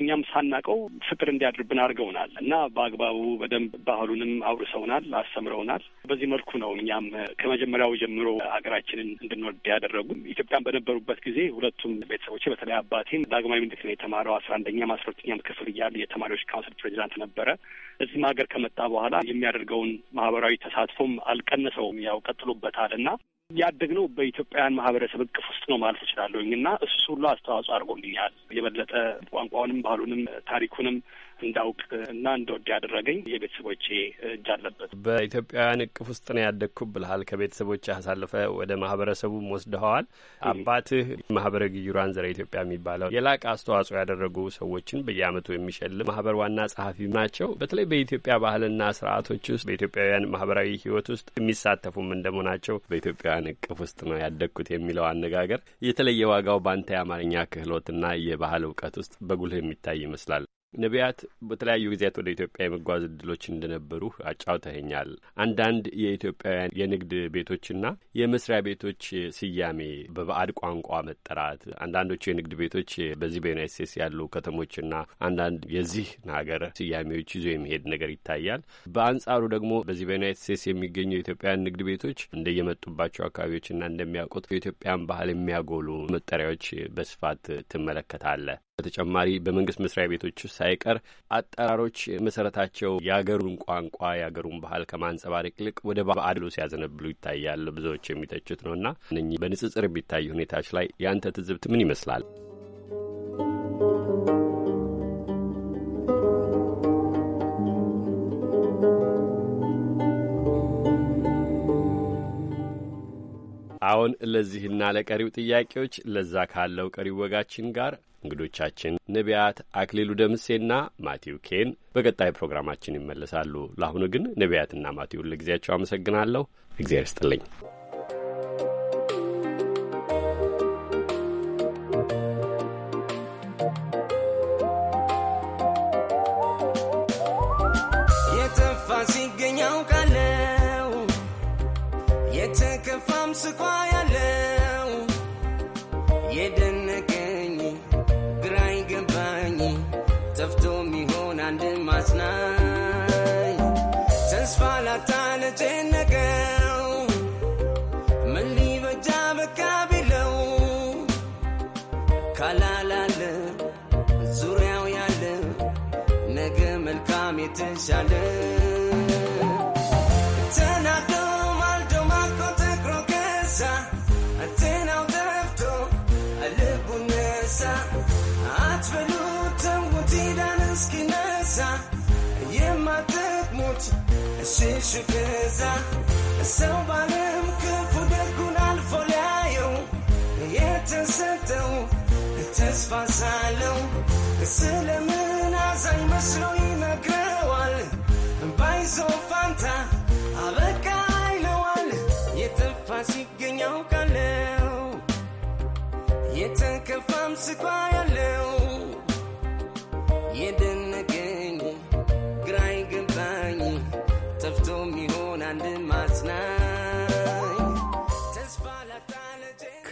እኛም ሳናውቀው ፍቅር እንዲያድርብን አድርገውናል እና በአግባቡ በደንብ ባህሉንም አውርሰውናል፣ አስተምረውናል። በዚህ መልኩ ነው እኛም ከመጀመሪያው ጀምሮ ሀገራ ሀገራችንን እንድንወድ ያደረጉ ኢትዮጵያን በነበሩበት ጊዜ ሁለቱም ቤተሰቦች በተለይ አባቴን ዳግማዊ ምኒልክ ነው የተማረው። አስራ አንደኛም አስራ ሁለተኛም ክፍል እያሉ የተማሪዎች ካውንስል ፕሬዚዳንት ነበረ። እዚህም ሀገር ከመጣ በኋላ የሚያደርገውን ማህበራዊ ተሳትፎም አልቀነሰውም፣ ያው ቀጥሎበታል እና ያደግነው በኢትዮጵያውያን ማህበረሰብ እቅፍ ውስጥ ነው ማለት እችላለሁኝ እና እሱ ሁሉ አስተዋጽኦ አድርጎልኛል የበለጠ ቋንቋውንም ባህሉንም ታሪኩንም እንዳውቅ እና እንደወድ ያደረገኝ የቤተሰቦቼ እጅ አለበት። በኢትዮጵያውያን እቅፍ ውስጥ ነው ያደግኩ ብልሃል። ከቤተሰቦች አሳልፈ ወደ ማህበረሰቡም ወስደኸዋል። አባትህ ማህበረ ግዩራን ዘረ ኢትዮጵያ የሚባለው የላቅ አስተዋጽኦ ያደረጉ ሰዎችን በየዓመቱ የሚሸልም ማህበር ዋና ጸሐፊ ናቸው። በተለይ በኢትዮጵያ ባህልና ስርዓቶች ውስጥ በኢትዮጵያውያን ማህበራዊ ህይወት ውስጥ የሚሳተፉም እንደመሆናቸው በኢትዮጵያውያን እቅፍ ውስጥ ነው ያደግኩት የሚለው አነጋገር የተለየ ዋጋው በአንተ የአማርኛ ክህሎትና የባህል እውቀት ውስጥ በጉልህ የሚታይ ይመስላል። ነቢያት በተለያዩ ጊዜያት ወደ ኢትዮጵያ የመጓዝ እድሎች እንደነበሩ አጫውተኸኛል። አንዳንድ የኢትዮጵያውያን የንግድ ቤቶችና የመስሪያ ቤቶች ስያሜ በባዕድ ቋንቋ መጠራት፣ አንዳንዶቹ የንግድ ቤቶች በዚህ በዩናይት ስቴትስ ያሉ ከተሞችና አንዳንድ የዚህ ሀገር ስያሜዎች ይዞ የሚሄድ ነገር ይታያል። በአንጻሩ ደግሞ በዚህ በዩናይት ስቴትስ የሚገኙ የኢትዮጵያውያን ንግድ ቤቶች እንደየመጡባቸው አካባቢዎችና እንደሚያውቁት የኢትዮጵያን ባህል የሚያጎሉ መጠሪያዎች በስፋት ትመለከታለህ። በተጨማሪ በመንግስት መስሪያ ቤቶች ሳይቀር አጠራሮች መሰረታቸው የአገሩን ቋንቋ የአገሩን ባህል ከማንጸባረቅ ይልቅ ወደ አድሎ ሲያዘነብሉ ይታያል። ብዙዎች የሚተቹት ነውና እነኚህ በንጽጽር የሚታዩ ሁኔታዎች ላይ የአንተ ትዝብት ምን ይመስላል? አሁን ለዚህና ለቀሪው ጥያቄዎች ለዛ ካለው ቀሪው ወጋችን ጋር እንግዶቻችን ነቢያት አክሊሉ ደምሴና ማቲው ኬን በቀጣይ ፕሮግራማችን ይመለሳሉ። ለአሁኑ ግን ነቢያትና ማቲውን ለጊዜያቸው አመሰግናለሁ። እግዚአብሔር ይስጥልኝ። የተፋ የተከፋም ስኳያ ስልሽ ከዛ ሰው ባለም ክፉ ደጉን አልፎ ሊያየው የተሰጠው ተስፋ ሳለው ስለምን አዛኝ መስሎኝ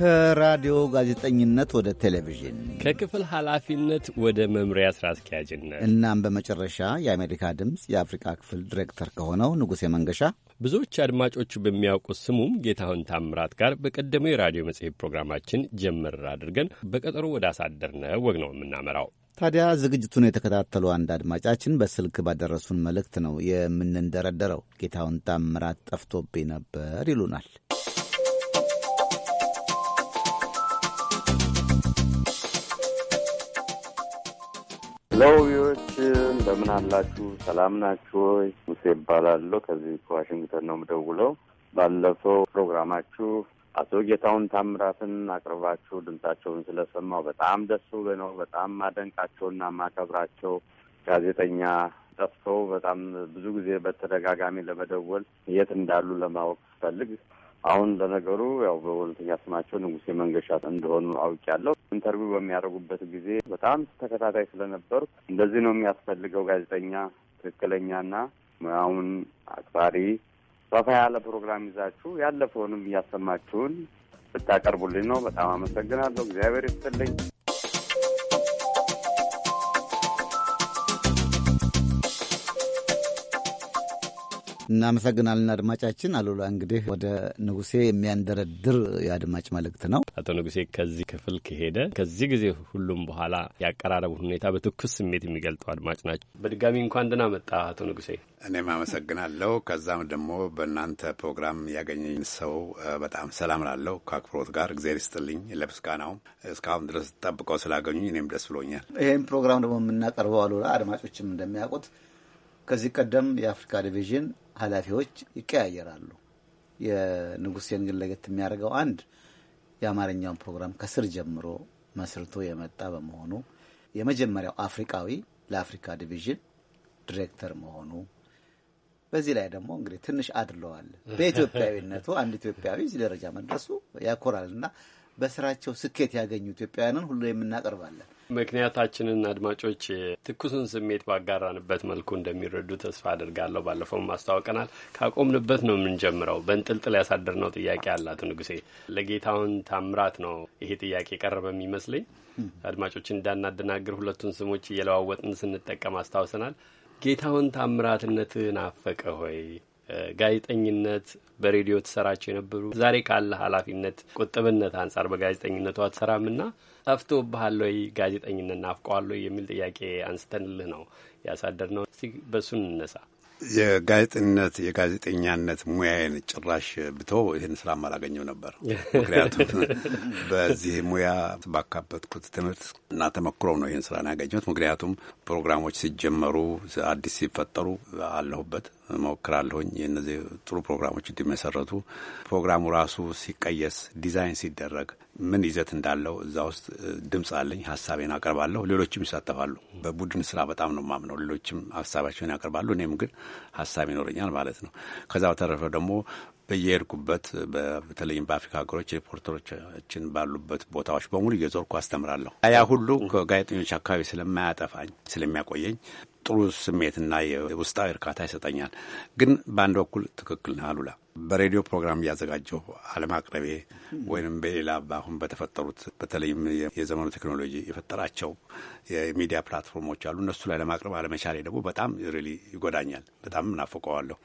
ከራዲዮ ጋዜጠኝነት ወደ ቴሌቪዥን፣ ከክፍል ኃላፊነት ወደ መምሪያ ሥራ አስኪያጅነት እናም በመጨረሻ የአሜሪካ ድምፅ የአፍሪካ ክፍል ዲሬክተር ከሆነው ንጉሴ መንገሻ ብዙዎች አድማጮቹ በሚያውቁት ስሙም ጌታሁን ታምራት ጋር በቀደመው የራዲዮ መጽሔት ፕሮግራማችን ጀምር አድርገን በቀጠሮ ወደ አሳደርነው ወግ ነው የምናመራው። ታዲያ ዝግጅቱን የተከታተሉ አንድ አድማጫችን በስልክ ባደረሱን መልእክት ነው የምንንደረደረው። ጌታሁን ታምራት ጠፍቶብኝ ነበር ይሉናል። ለውቢዎች እንደምን አላችሁ? ሰላም ናችሁ ወይ? ሙሴ ይባላለሁ። ከዚህ ከዋሽንግተን ነው የምደውለው። ባለፈው ፕሮግራማችሁ አቶ ጌታውን ታምራትን አቅርባችሁ ድምጻቸውን ስለሰማው በጣም ደስ ብሎ ነው። በጣም ማደንቃቸውና ማከብራቸው ጋዜጠኛ ጠፍተው በጣም ብዙ ጊዜ በተደጋጋሚ ለመደወል የት እንዳሉ ለማወቅ ስፈልግ አሁን ለነገሩ ያው በሁለተኛ ስማቸው ንጉሴ መንገሻ እንደሆኑ አውቄያለሁ። ኢንተርቪው በሚያደርጉበት ጊዜ በጣም ተከታታይ ስለነበሩ እንደዚህ ነው የሚያስፈልገው ጋዜጠኛ ትክክለኛና ሙያውን አክባሪ ሰፋ ያለ ፕሮግራም ይዛችሁ ያለፈውንም እያሰማችሁን ብታቀርቡልኝ ነው። በጣም አመሰግናለሁ። እግዚአብሔር ይስጥልኝ። እናመሰግናለን አድማጫችን። አሉላ እንግዲህ ወደ ንጉሴ የሚያንደረድር የአድማጭ መልእክት ነው። አቶ ንጉሴ ከዚህ ክፍል ከሄደ ከዚህ ጊዜ ሁሉም በኋላ ያቀራረቡ ሁኔታ በትኩስ ስሜት የሚገልጡ አድማጭ ናቸው። በድጋሚ እንኳን ደህና መጣ አቶ ንጉሴ። እኔም አመሰግናለሁ። ከዛም ደግሞ በእናንተ ፕሮግራም ያገኘኝ ሰው በጣም ሰላም ላለው ከአክብሮት ጋር እግዚአብሔር ይስጥልኝ። ለምስጋናውም እስካሁን ድረስ ጠብቀው ስላገኙኝ እኔም ደስ ብሎኛል። ይህም ፕሮግራም ደግሞ የምናቀርበው አሉላ አድማጮችም እንደሚያውቁት ከዚህ ቀደም የአፍሪካ ዲቪዥን ኃላፊዎች ይቀያየራሉ። የንጉሴን ግን ለየት የሚያደርገው አንድ የአማርኛውን ፕሮግራም ከስር ጀምሮ መስርቶ የመጣ በመሆኑ የመጀመሪያው አፍሪካዊ ለአፍሪካ ዲቪዥን ዲሬክተር መሆኑ በዚህ ላይ ደግሞ እንግዲህ ትንሽ አድለዋል። በኢትዮጵያዊነቱ አንድ ኢትዮጵያዊ እዚህ ደረጃ መድረሱ እና በስራቸው ስኬት ያገኙ ኢትዮጵያውያንን ሁሉ የምናቀርባለን። ምክንያታችንን አድማጮች ትኩስን ስሜት ባጋራንበት መልኩ እንደሚረዱ ተስፋ አድርጋለሁ። ባለፈው ማስታወቀናል። ካቆምንበት ነው የምንጀምረው። በእንጥልጥል ያሳደርነው ጥያቄ አላት ንጉሴ ለጌታውን ታምራት ነው ይሄ ጥያቄ የቀረበ የሚመስለኝ። አድማጮችን እንዳናደናግር ሁለቱን ስሞች እየለዋወጥን ስንጠቀም አስታውሰናል። ጌታውን ታምራትነትን አፈቀ ሆይ ጋዜጠኝነት በሬዲዮ ትሰራቸው የነበሩ ዛሬ ካለ ኃላፊነት ቁጥብነት አንጻር በጋዜጠኝነቱ አትሰራምና ጠፍቶ ባህል ወይ ጋዜጠኝነት ናፍቀዋል የሚል ጥያቄ አንስተንልህ ነው ያሳደር ነው። እስቲ በእሱ እንነሳ። የጋዜጠኝነት የጋዜጠኛነት ሙያዬን ጭራሽ ብቶ ይህን ስራም አላገኘው ነበር። ምክንያቱም በዚህ ሙያ ባካበትኩት ትምህርት እና ተመክሮ ነው ይህን ስራን ያገኘሁት። ምክንያቱም ፕሮግራሞች ሲጀመሩ፣ አዲስ ሲፈጠሩ አለሁበት እሞክራለሁኝ። የእነዚህ ጥሩ ፕሮግራሞች እንዲመሰረቱ ፕሮግራሙ ራሱ ሲቀየስ፣ ዲዛይን ሲደረግ ምን ይዘት እንዳለው እዛ ውስጥ ድምፅ አለኝ፣ ሀሳቤን አቀርባለሁ። ሌሎችም ይሳተፋሉ። በቡድን ስራ በጣም ነው ማምነው። ሌሎችም ሀሳባቸውን ያቀርባሉ፣ እኔም ግን ሀሳብ ይኖረኛል ማለት ነው። ከዛ በተረፈ ደግሞ በየሄድኩበት በተለይም በአፍሪካ ሀገሮች ሪፖርተሮችን ባሉበት ቦታዎች በሙሉ እየዞርኩ አስተምራለሁ። ያ ሁሉ ከጋዜጠኞች አካባቢ ስለማያጠፋኝ ስለሚያቆየኝ ጥሩ ስሜትና የውስጣዊ እርካታ ይሰጠኛል። ግን በአንድ በኩል ትክክል ነህ አሉላ። በሬዲዮ ፕሮግራም እያዘጋጀሁ አለማቅረቤ ወይም በሌላ አሁን በተፈጠሩት በተለይም የዘመኑ ቴክኖሎጂ የፈጠራቸው የሚዲያ ፕላትፎርሞች አሉ። እነሱ ላይ ለማቅረብ አለመቻሌ ደግሞ በጣም ሪሊ ይጎዳኛል። በጣም እናፍቀዋለሁ።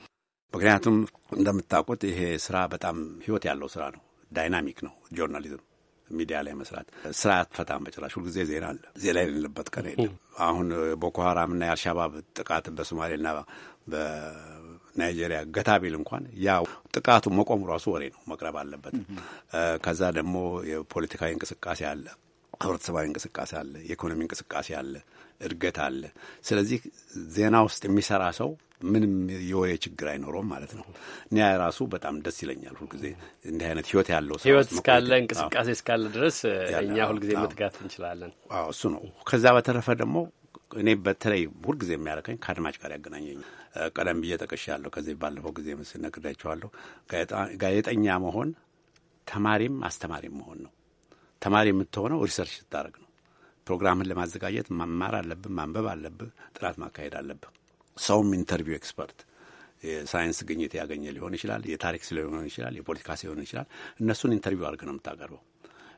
ምክንያቱም እንደምታውቁት ይሄ ስራ በጣም ህይወት ያለው ስራ ነው። ዳይናሚክ ነው ጆርናሊዝም ሚዲያ ላይ መስራት ስራ አትፈታም በጭራሽ። ሁልጊዜ ዜና አለ። ዜና የሌለበት ቀን የለም። አሁን ቦኮ ሀራምና የአልሻባብ ጥቃት በሶማሌና በናይጄሪያ ገታ ቢል እንኳን ያ ጥቃቱ መቆሙ ራሱ ወሬ ነው፣ መቅረብ አለበት። ከዛ ደግሞ የፖለቲካዊ እንቅስቃሴ አለ፣ ህብረተሰባዊ እንቅስቃሴ አለ፣ የኢኮኖሚ እንቅስቃሴ አለ፣ እድገት አለ። ስለዚህ ዜና ውስጥ የሚሰራ ሰው ምንም የወሬ ችግር አይኖረውም ማለት ነው። እኒያ ራሱ በጣም ደስ ይለኛል ሁልጊዜ እንዲህ አይነት ህይወት ያለው ህይወት እስካለ እንቅስቃሴ እስካለ ድረስ እኛ ሁልጊዜ መትጋት እንችላለን። እሱ ነው። ከዛ በተረፈ ደግሞ እኔ በተለይ ሁልጊዜ የሚያረከኝ ከአድማጭ ጋር ያገናኘኝ ቀደም ብዬ ያለሁ ከዚህ ባለፈው ጊዜ ስነግዳቸዋለሁ። ጋዜጠኛ መሆን ተማሪም አስተማሪም መሆን ነው። ተማሪ የምትሆነው ሪሰርች ስታደርግ ነው። ፕሮግራምን ለማዘጋጀት መማር አለብህ፣ ማንበብ አለብህ፣ ጥናት ማካሄድ አለብህ። ሰውም ኢንተርቪው ኤክስፐርት የሳይንስ ግኝት ያገኘ ሊሆን ይችላል፣ የታሪክ ሊሆን ይችላል፣ የፖለቲካ ሊሆን ይችላል። እነሱን ኢንተርቪው አድርገ ነው የምታቀርበው።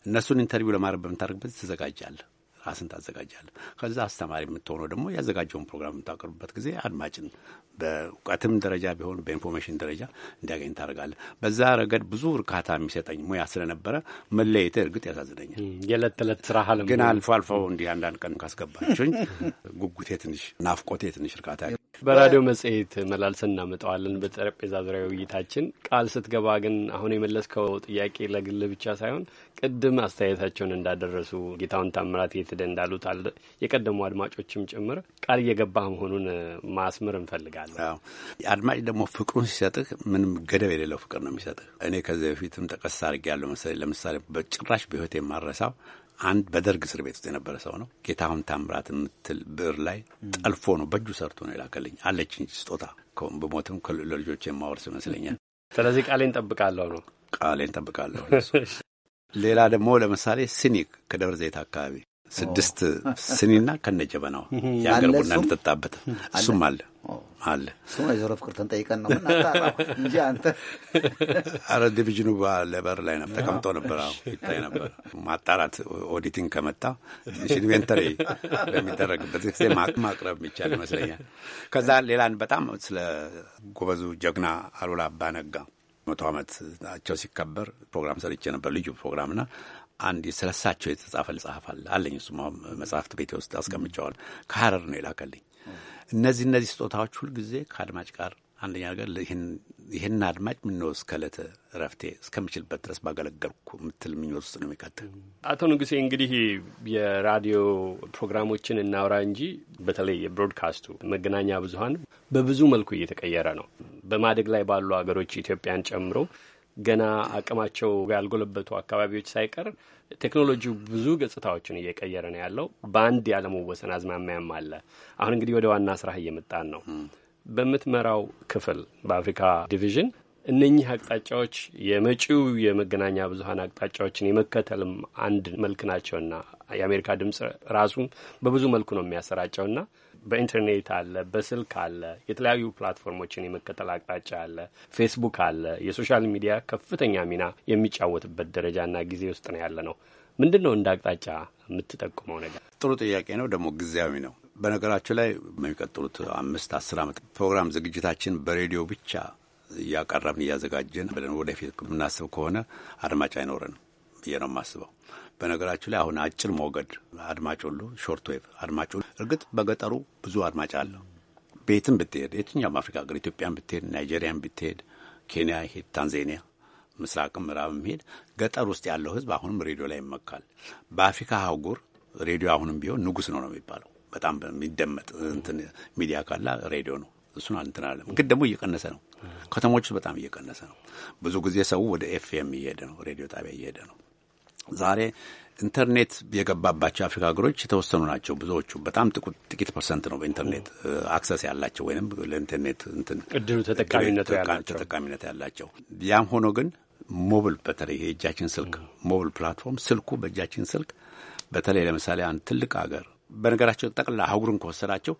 እነሱን ኢንተርቪው ለማድረግ በምታደርግበት ትዘጋጃለህ። ራስን ታዘጋጃለ። ከዛ አስተማሪ የምትሆነው ደግሞ ያዘጋጀውን ፕሮግራም የምታቀርቡበት ጊዜ አድማጭን በእውቀትም ደረጃ ቢሆን በኢንፎርሜሽን ደረጃ እንዲያገኝ ታደርጋለ። በዛ ረገድ ብዙ እርካታ የሚሰጠኝ ሙያ ስለነበረ መለየት እርግጥ ያሳዝነኛል። የዕለት ተዕለት ስራ ግን አልፎ አልፎ እንዲህ አንዳንድ ቀን ካስገባችሁኝ ጉጉቴ ትንሽ ናፍቆቴ ትንሽ እርካታ በራዲዮ መጽሔት መላልሰን እናመጣዋለን በጠረጴዛ ዙሪያ ውይይታችን። ቃል ስትገባ ግን አሁን የመለስከው ጥያቄ ለግል ብቻ ሳይሆን ቅድም አስተያየታቸውን እንዳደረሱ ጌታውን ታምራት የት አስገድደ እንዳሉት አለ የቀደሙ አድማጮችም ጭምር ቃል እየገባህ መሆኑን ማስምር እንፈልጋለን። አድማጭ ደግሞ ፍቅሩን ሲሰጥህ ምንም ገደብ የሌለው ፍቅር ነው የሚሰጥህ። እኔ ከዚህ በፊትም ጠቀስ አድርጌ ያለው መሰለኝ። ለምሳሌ በጭራሽ በህይወት የማረሳው አንድ በደርግ እስር ቤት ውስጥ የነበረ ሰው ነው። ጌታሁን ታምራት የምትል ብዕር ላይ ጠልፎ ነው በእጁ ሰርቶ ነው የላከልኝ። አለችኝ ስጦታ። በሞትም ለልጆች የማወርስ ይመስለኛል። ስለዚህ ቃሌን ጠብቃለሁ ነው ቃሌን ጠብቃለሁ። ሌላ ደግሞ ለምሳሌ ሲኒክ ከደብረ ዘይት አካባቢ ስድስት ስኒና ከነጀበናው የአገር ቡና እንጠጣበት። እሱም አለ አለ እሱም ወይዘሮ ፍቅርተን ጠይቀን ነው እንጂ አንተ አረ ዲቪዥኑ በሌበር ላይ ነበር ተቀምጦ ነበር ይታይ ነበር። ማጣራት ኦዲቲንግ ከመጣ ኢንቬንተሪ በሚደረግበት ጊዜ ማቅረብ የሚቻል ይመስለኛል። ከዛ ሌላን በጣም ስለ ጎበዙ ጀግና አሉላ አባ ነጋ መቶ ዓመታቸው ሲከበር ፕሮግራም ሰርቼ ነበር። ልዩ ፕሮግራምና አንድ ስለሳቸው የተጻፈ ልጽሐፍ አለ አለኝ። እሱ መጽሐፍት ቤቴ ውስጥ አስቀምጨዋል። ከሀረር ነው የላከልኝ። እነዚህ እነዚህ ስጦታዎች ሁልጊዜ ከአድማጭ ጋር አንደኛ ነገር ይህን አድማጭ ምነው እስከ ዕለተ እረፍቴ እስከምችልበት ድረስ ባገለገልኩ የምትል ምኞት ውስጥ ነው የሚቀጥል። አቶ ንጉሴ እንግዲህ የራዲዮ ፕሮግራሞችን እናውራ እንጂ በተለይ የብሮድካስቱ መገናኛ ብዙኃን በብዙ መልኩ እየተቀየረ ነው። በማደግ ላይ ባሉ አገሮች ኢትዮጵያን ጨምሮ ገና አቅማቸው ያልጎለበቱ አካባቢዎች ሳይቀር ቴክኖሎጂው ብዙ ገጽታዎችን እየቀየረ ነው ያለው። በአንድ ያለመወሰን አዝማሚያም አለ። አሁን እንግዲህ ወደ ዋና ስራህ እየመጣን ነው። በምትመራው ክፍል በአፍሪካ ዲቪዥን እነኚህ አቅጣጫዎች የመጪው የመገናኛ ብዙኃን አቅጣጫዎችን የመከተልም አንድ መልክ ናቸውና የአሜሪካ ድምጽ ራሱም በብዙ መልኩ ነው የሚያሰራጨውና በኢንተርኔት አለ፣ በስልክ አለ፣ የተለያዩ ፕላትፎርሞችን የመከተል አቅጣጫ አለ፣ ፌስቡክ አለ። የሶሻል ሚዲያ ከፍተኛ ሚና የሚጫወትበት ደረጃና ጊዜ ውስጥ ነው ያለ ነው። ምንድን ነው እንደ አቅጣጫ የምትጠቁመው ነገር? ጥሩ ጥያቄ ነው። ደግሞ ጊዜያዊ ነው። በነገራችን ላይ በሚቀጥሉት አምስት አስር ዓመት ፕሮግራም ዝግጅታችን በሬዲዮ ብቻ እያቀረብን እያዘጋጀን ብለን ወደፊት የምናስብ ከሆነ አድማጭ አይኖረንም ብዬ ነው የማስበው። በነገራችን ላይ አሁን አጭር ሞገድ አድማጭ ሁሉ ሾርት ዌቭ አድማጭ ሁሉ እርግጥ በገጠሩ ብዙ አድማጭ አለ ቤትም ብትሄድ የትኛውም አፍሪካ ሀገር ኢትዮጵያን ብትሄድ፣ ናይጄሪያን ብትሄድ፣ ኬንያ ሄድ፣ ታንዛኒያ ምስራቅም ምዕራብም ሄድ ገጠር ውስጥ ያለው ህዝብ አሁንም ሬዲዮ ላይ ይመካል። በአፍሪካ አህጉር ሬዲዮ አሁንም ቢሆን ንጉስ ነው ነው የሚባለው። በጣም የሚደመጥ እንትን ሚዲያ ካላ ሬዲዮ ነው። እሱን እንትን አለም ግን ደግሞ እየቀነሰ ነው። ከተሞች በጣም እየቀነሰ ነው። ብዙ ጊዜ ሰው ወደ ኤፍኤም እየሄደ ነው፣ ሬዲዮ ጣቢያ እየሄደ ነው። ዛሬ ኢንተርኔት የገባባቸው አፍሪካ ሀገሮች የተወሰኑ ናቸው። ብዙዎቹ በጣም ጥቂት ፐርሰንት ነው በኢንተርኔት አክሰስ ያላቸው ወይም ለኢንተርኔት እድሉ ተጠቃሚነት ያላቸው። ያም ሆኖ ግን ሞብል በተለይ የእጃችን ስልክ ሞብል ፕላትፎርም ስልኩ በእጃችን ስልክ በተለይ ለምሳሌ አንድ ትልቅ ሀገር በነገራቸው ጠቅላ አህጉርን ከወሰዳቸው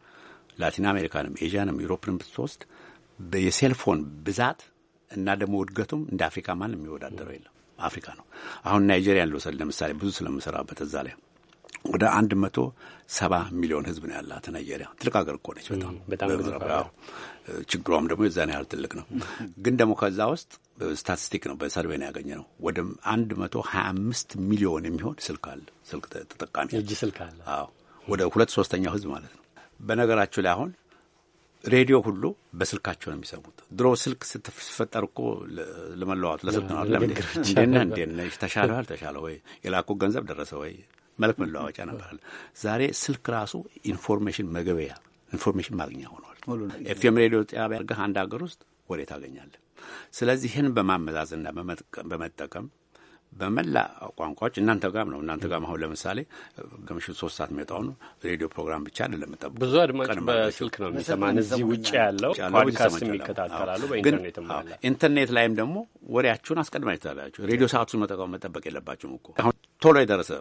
ላቲን አሜሪካንም ኤዥያንም ዩሮፕንም ብትወስድ የሴልፎን ብዛት እና ደግሞ እድገቱም እንደ አፍሪካ ማንም የሚወዳደረው የለም። አፍሪካ ነው። አሁን ናይጄሪያን ልውሰድ ለምሳሌ ብዙ ስለምሰራበት እዛ ላይ ወደ አንድ መቶ ሰባ ሚሊዮን ህዝብ ነው ያላት ናይጄሪያ። ትልቅ ሀገር እኮ ነች በጣም ችግሯም ደግሞ የዛን ያህል ትልቅ ነው። ግን ደግሞ ከዛ ውስጥ ስታቲስቲክ ነው በሰርቬይ ነው ያገኘ ነው ወደ አንድ መቶ ሀያ አምስት ሚሊዮን የሚሆን ስልክ አለ ስልክ ተጠቃሚ እጅ ስልክ አለ። ወደ ሁለት ሶስተኛው ህዝብ ማለት ነው። በነገራችሁ ላይ አሁን ሬዲዮ ሁሉ በስልካቸው ነው የሚሰሙት። ድሮ ስልክ ስትፈጠር እኮ ለመለዋወጥ ለስልክ ነው። እንዴና እንዴነሽ ተሻለ አልተሻለ ወይ የላኩ ገንዘብ ደረሰ ወይ መልክ መለዋወጫ ነበራል። ዛሬ ስልክ ራሱ ኢንፎርሜሽን መገበያ ኢንፎርሜሽን ማግኛ ሆኗል። ኤፍኤም ሬዲዮ ጣቢያ አድርገህ አንድ ሀገር ውስጥ ወሬ ታገኛለህ። ስለዚህ ይህን በማመዛዝና በመጠቀም በመላ ቋንቋዎች እናንተ ጋም ነው። እናንተ ጋም አሁን ለምሳሌ ከምሽቱ ሶስት ሰዓት የሚወጣው ነው ሬዲዮ ፕሮግራም ብቻ አይደለም። ጠብ ብዙ አድማጭ በስልክ ነው የሚሰማን። እዚህ ውጭ ያለው ፖድካስት የሚከታተላሉ በኢንተርኔት ኢንተርኔት ላይም ደግሞ ወሬያችሁን አስቀድማ ይተላላችሁ። ሬዲዮ ሰዓቱን መጠቀም መጠበቅ የለባችሁም እኮ አሁን ቶሎ የደረሰ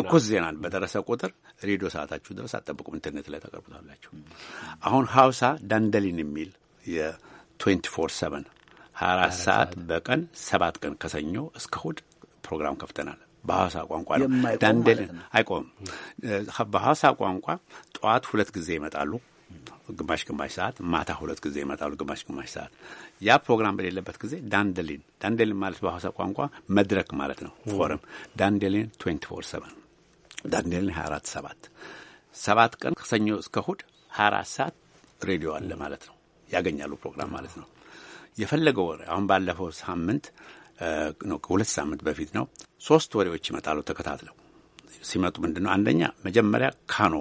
ትኩስ ዜናን በደረሰ ቁጥር ሬዲዮ ሰዓታችሁ ድረስ አጠብቁም፣ ኢንተርኔት ላይ ታቀርቡታላችሁ። አሁን ሀውሳ ዳንደሊን የሚል የ24 ሰቨን 24 ሰዓት በቀን ሰባት ቀን ከሰኞ እስከ እሁድ ፕሮግራም ከፍተናል። በሐዋሳ ቋንቋ ነው። ዳንዴልን አይቆምም። በሐዋሳ ቋንቋ ጠዋት ሁለት ጊዜ ይመጣሉ፣ ግማሽ ግማሽ ሰዓት፣ ማታ ሁለት ጊዜ ይመጣሉ፣ ግማሽ ግማሽ ሰዓት። ያ ፕሮግራም በሌለበት ጊዜ ዳንደሊን ዳንደሊን ማለት በሐዋሳ ቋንቋ መድረክ ማለት ነው። ፎረም ዳንደሊን 24/7 ዳንደሊን 24/7 ሰባት ቀን ከሰኞ እስከ እሁድ 24 ሰዓት ሬዲዮ አለ ማለት ነው። ያገኛሉ ፕሮግራም ማለት ነው። የፈለገው ወሬ አሁን ባለፈው ሳምንት ነው። ከሁለት ሳምንት በፊት ነው። ሶስት ወሬዎች ይመጣሉ ተከታትለው። ሲመጡ ምንድን ነው? አንደኛ መጀመሪያ ካኖ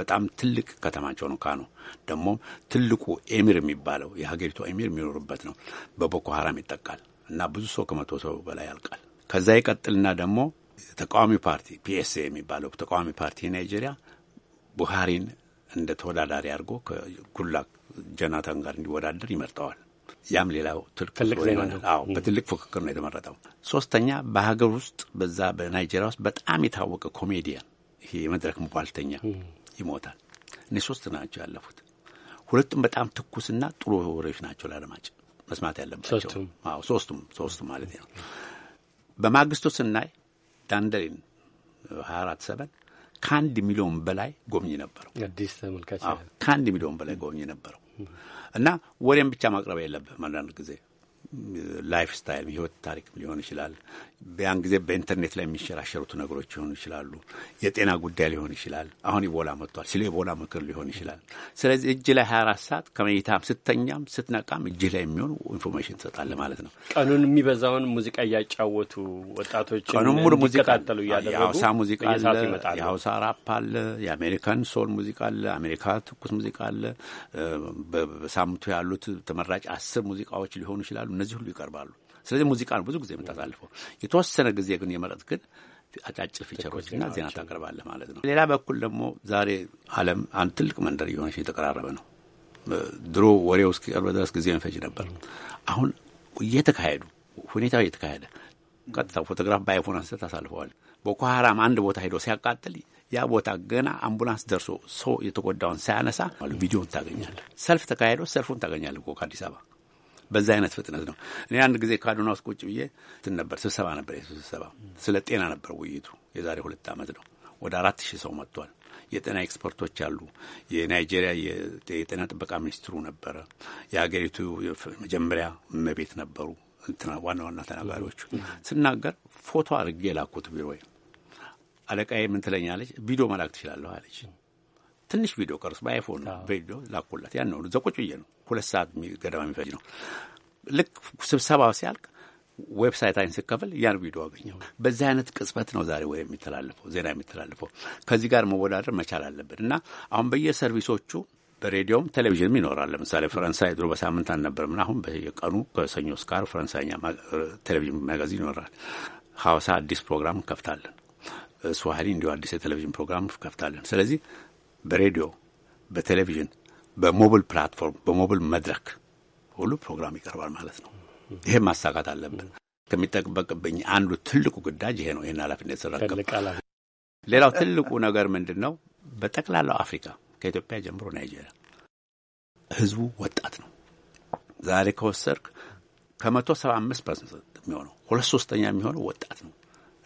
በጣም ትልቅ ከተማቸው ነው። ካኖ ደግሞ ትልቁ ኤሚር የሚባለው የሀገሪቱ ኤሚር የሚኖሩበት ነው። በቦኮ ሀራም ይጠቃል እና ብዙ ሰው ከመቶ ሰው በላይ ያልቃል። ከዛ ይቀጥልና ደግሞ ተቃዋሚ ፓርቲ ፒኤስኤ የሚባለው ተቃዋሚ ፓርቲ ናይጄሪያ ቡሃሪን እንደ ተወዳዳሪ አድርጎ ከጉላክ ጀናታን ጋር እንዲወዳደር ይመርጠዋል። ያም ሌላው አዎ በትልቅ ፉክክር ነው የተመረጠው። ሶስተኛ በሀገር ውስጥ በዛ በናይጄሪያ ውስጥ በጣም የታወቀ ኮሜዲያን ይሄ የመድረክ ሟልተኛ ይሞታል። እኔ ሶስት ናቸው ያለፉት። ሁለቱም በጣም ትኩስና ጥሩ ወሬዎች ናቸው ለአድማጭ መስማት ያለባቸው። ሶስቱም ሶስቱም ማለት ነው። በማግስቱ ስናይ ዳንደሪን ሀያ አራት ሰበን ከአንድ ሚሊዮን በላይ ጎብኝ ነበረው። ከአንድ ሚሊዮን በላይ ጎብኝ ነበረው። እና ወሬም ብቻ ማቅረብ የለብህም። አንዳንድ ጊዜ ላይፍ ስታይል ህይወት ታሪክ ሊሆን ይችላል ያን ጊዜ በኢንተርኔት ላይ የሚሸራሸሩት ነገሮች ሊሆኑ ይችላሉ። የጤና ጉዳይ ሊሆን ይችላል። አሁን ኢቦላ መጥቷል። ስለ ኢቦላ ምክር ሊሆን ይችላል። ስለዚህ እጅ ላይ አራት ሰዓት ከመኝታም ስተኛም ስትነቃም እጅ ላይ የሚሆኑ ኢንፎርሜሽን ትሰጣለ ማለት ነው። ቀኑን የሚበዛውን ሙዚቃ እያጫወቱ ወጣቶች ቀኑን ሙሉ ሙዚቃሉ የሀውሳ ሙዚቃ አለ፣ የሀውሳ ራፕ አለ፣ የአሜሪካን ሶል ሙዚቃ አለ፣ አሜሪካ ትኩስ ሙዚቃ አለ። በሳምንቱ ያሉት ተመራጭ አስር ሙዚቃዎች ሊሆኑ ይችላሉ። እነዚህ ሁሉ ይቀርባሉ። ስለዚህ ሙዚቃ ነው ብዙ ጊዜ የምታሳልፈው። የተወሰነ ጊዜ ግን የመረጥ ግን አጫጭር ፊቸሮችና ዜና ታቀርባለ ማለት ነው። ሌላ በኩል ደግሞ ዛሬ ዓለም አንድ ትልቅ መንደር እየሆነች የተቀራረበ ነው። ድሮ ወሬው እስኪቀርበ ድረስ ጊዜ መፈጅ ነበር። አሁን እየተካሄዱ ሁኔታው እየተካሄደ ቀጥታ ፎቶግራፍ በአይፎን አንስተ ታሳልፈዋል። ቦኮ ሀራም አንድ ቦታ ሄዶ ሲያቃጥል ያ ቦታ ገና አምቡላንስ ደርሶ ሰው የተጎዳውን ሳያነሳ ቪዲዮን ታገኛለህ። ሰልፍ ተካሄዶ ሰልፉን ታገኛለህ እኮ ከአዲስ አበባ በዛ አይነት ፍጥነት ነው። እኔ አንድ ጊዜ ካዱና ውስጥ ቁጭ ብዬ እንትን ነበር፣ ስብሰባ ነበር። የሱ ስብሰባ ስለ ጤና ነበር ውይይቱ። የዛሬ ሁለት ዓመት ነው። ወደ አራት ሺህ ሰው መጥቷል። የጤና ኤክስፐርቶች አሉ። የናይጄሪያ የጤና ጥበቃ ሚኒስትሩ ነበረ። የሀገሪቱ መጀመሪያ እመቤት ነበሩ። ዋና ዋና ተናጋሪዎቹ ስናገር ፎቶ አድርጌ የላኩት ቢሮ አለቃዬ ምን ትለኛለች? ቪዲዮ መላክ ትችላለሁ አለች። ትንሽ ቪዲዮ ቀርጽ በአይፎን ቪዲዮ ላኩላት። ያን ነው ዘቆጭ ብዬ ነው ሁለት ሰዓት ገደማ የሚፈጅ ነው። ልክ ስብሰባው ሲያልቅ አይን ስከፍል ያን ቪዲዮ አገኘው። በዚህ አይነት ቅጽበት ነው ዛሬ ወይ የሚተላለፈው ዜና የሚተላለፈው። ከዚህ ጋር መወዳደር መቻል አለብን እና አሁን በየሰርቪሶቹ በሬዲዮም ቴሌቪዥንም ይኖራል። ለምሳሌ ፈረንሳይ ድሮ በሳምንት አልነበርም አሁን በየቀኑ ከሰኞ እስከ ዓርብ ፈረንሳይኛ ቴሌቪዥን ማጋዚን ይኖራል። ሀዋሳ አዲስ ፕሮግራም እንከፍታለን። ስዋሂሊ እንዲሁ አዲስ የቴሌቪዥን ፕሮግራም እንከፍታለን። ስለዚህ በሬዲዮ፣ በቴሌቪዥን፣ በሞብል ፕላትፎርም፣ በሞብል መድረክ ሁሉ ፕሮግራም ይቀርባል ማለት ነው። ይሄ ማሳካት አለብን። ከሚጠበቅብኝ አንዱ ትልቁ ግዳጅ ይሄ ነው። ይህን ኃላፊነት ስረከብ ሌላው ትልቁ ነገር ምንድን ነው? በጠቅላላው አፍሪካ ከኢትዮጵያ ጀምሮ ናይጄሪያ ህዝቡ ወጣት ነው። ዛሬ ከወሰድክ ከመቶ ሰባ አምስት ፐርሰንት የሚሆነው ሁለት ሶስተኛ የሚሆነው ወጣት ነው።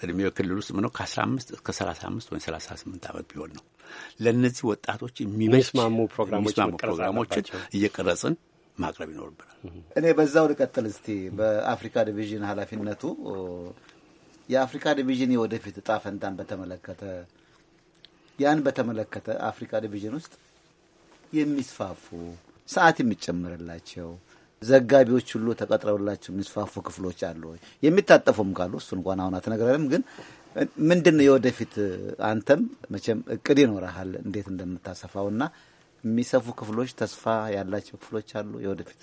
እድሜው ክልል ውስጥ ምነው ከአስራ አምስት እስከ ሰላሳ አምስት ወይም ሰላሳ ስምንት ዓመት ቢሆን ነው። ለእነዚህ ወጣቶች የሚስማሙ ፕሮግራሞችን እየቀረጽን ማቅረብ ይኖርብናል። እኔ በዛው ልቀጥል እስቲ። በአፍሪካ ዲቪዥን ኃላፊነቱ የአፍሪካ ዲቪዥን የወደፊት እጣ ፈንታን በተመለከተ ያን በተመለከተ አፍሪካ ዲቪዥን ውስጥ የሚስፋፉ ሰዓት የሚጨምርላቸው ዘጋቢዎች ሁሉ ተቀጥረውላቸው የሚስፋፉ ክፍሎች አሉ። የሚታጠፉም ካሉ እሱ እንኳን አሁን አትነግረንም ግን ምንድን ነው የወደፊት አንተም መቼም እቅድ ይኖረሃል እንዴት እንደምታሰፋው እና የሚሰፉ ክፍሎች ተስፋ ያላቸው ክፍሎች አሉ የወደፊት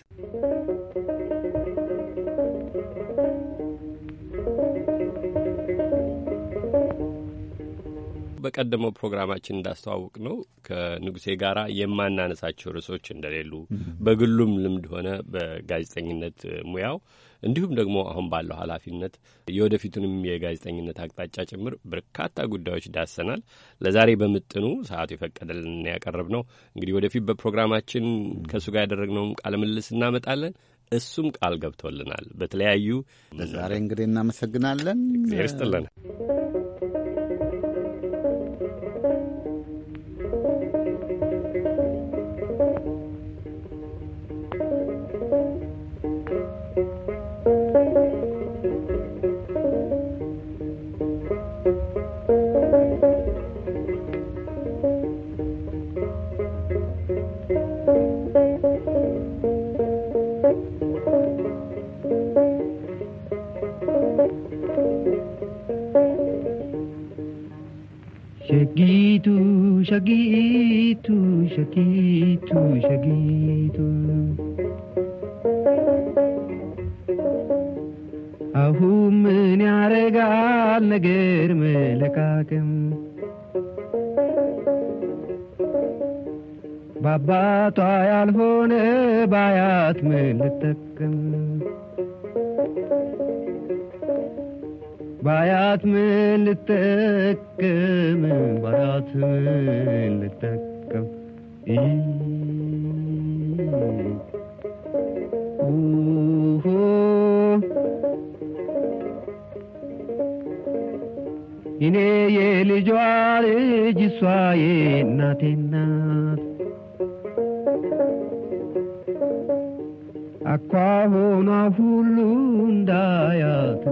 በቀደመው ፕሮግራማችን እንዳስተዋወቅ ነው ከንጉሴ ጋራ የማናነሳቸው ርዕሶች እንደሌሉ በግሉም ልምድ ሆነ በጋዜጠኝነት ሙያው እንዲሁም ደግሞ አሁን ባለው ኃላፊነት የወደፊቱንም የጋዜጠኝነት አቅጣጫ ጭምር በርካታ ጉዳዮች ዳሰናል። ለዛሬ በምጥኑ ሰዓቱ የፈቀደልን ያቀረብ ነው። እንግዲህ ወደፊት በፕሮግራማችን ከእሱ ጋር ያደረግነውም ቃለ ምልልስ እናመጣለን። እሱም ቃል ገብቶልናል። በተለያዩ ለዛሬ እንግዲህ እናመሰግናለን። እግዚአብሔር ይስጥልን። አኳሆና ሁሉ እንዳያት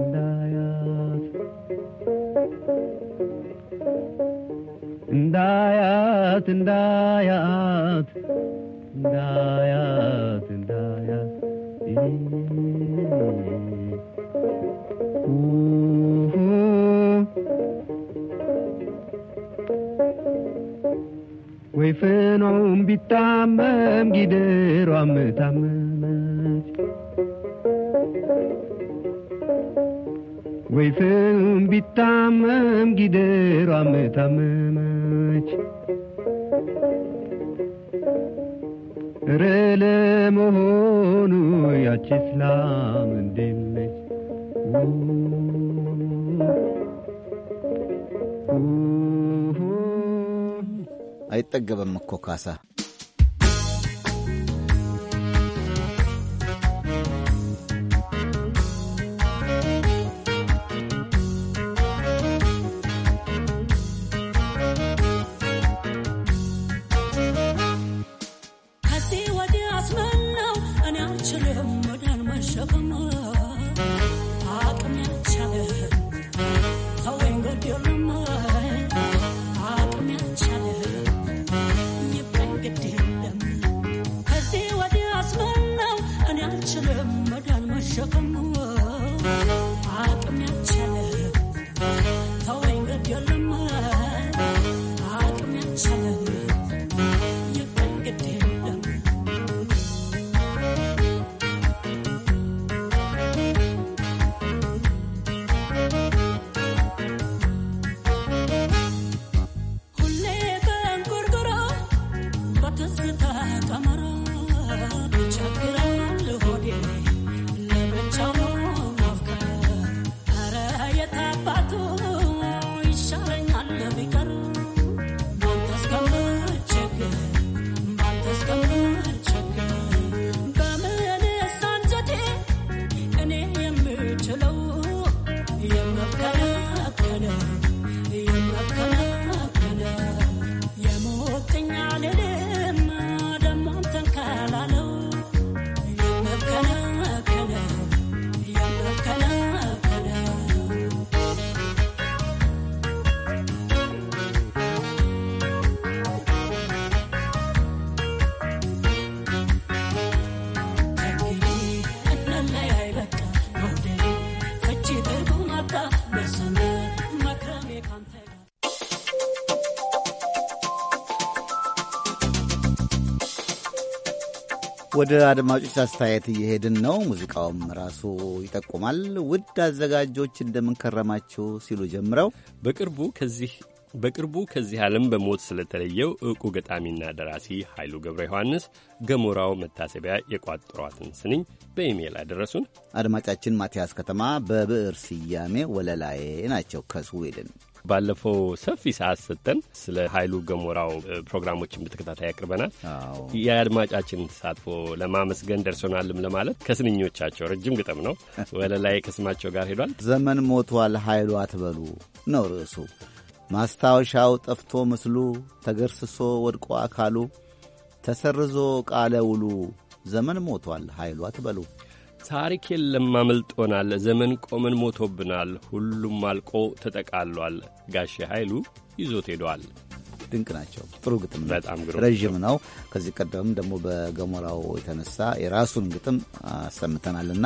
እንዳያት እንዳያት እንዳያት እንዳያት እንዳያት ወይ ፍኖም ቢታመም ጊደሯ ምታመ Sensin bitamım gider ametamım aç Rele mohonu yaç İslam'ın demek አይጠገበም እኮ ካሳ ወደ አድማጮች አስተያየት እየሄድን ነው። ሙዚቃውም ራሱ ይጠቁማል። ውድ አዘጋጆች እንደምንከረማችሁ ሲሉ ጀምረው በቅርቡ ከዚህ በቅርቡ ከዚህ ዓለም በሞት ስለተለየው ዕውቁ ገጣሚና ደራሲ ኃይሉ ገብረ ዮሐንስ ገሞራው መታሰቢያ የቋጠሯትን ስንኝ በኢሜይል አደረሱን። አድማጫችን ማቲያስ ከተማ በብዕር ስያሜ ወለላዬ ናቸው ከስዊድን ባለፈው ሰፊ ሰዓት ሰጠን ስለ ኃይሉ ገሞራው ፕሮግራሞችን በተከታታይ አቅርበናል። የአድማጫችንን ተሳትፎ ለማመስገን ደርሶናልም ለማለት ከስንኞቻቸው ረጅም ግጥም ነው ወለላይ ላይ ከስማቸው ጋር ሄዷል። ዘመን ሞቷል ኃይሉ አትበሉ ነው ርዕሱ። ማስታወሻው ጠፍቶ ምስሉ ተገርስሶ ወድቆ አካሉ ተሰርዞ ቃለ ውሉ ዘመን ሞቷል ኃይሉ አትበሉ ታሪክ የለም አመልጦናል፣ ዘመን ቆመን ሞቶብናል፣ ሁሉም አልቆ ተጠቃሏል። ጋሼ ኃይሉ ይዞት ሄዷል። ድንቅ ናቸው። ጥሩ ግጥም በጣም ረዥም ነው። ከዚህ ቀደም ደግሞ በገሞራው የተነሳ የራሱን ግጥም አሰምተናልና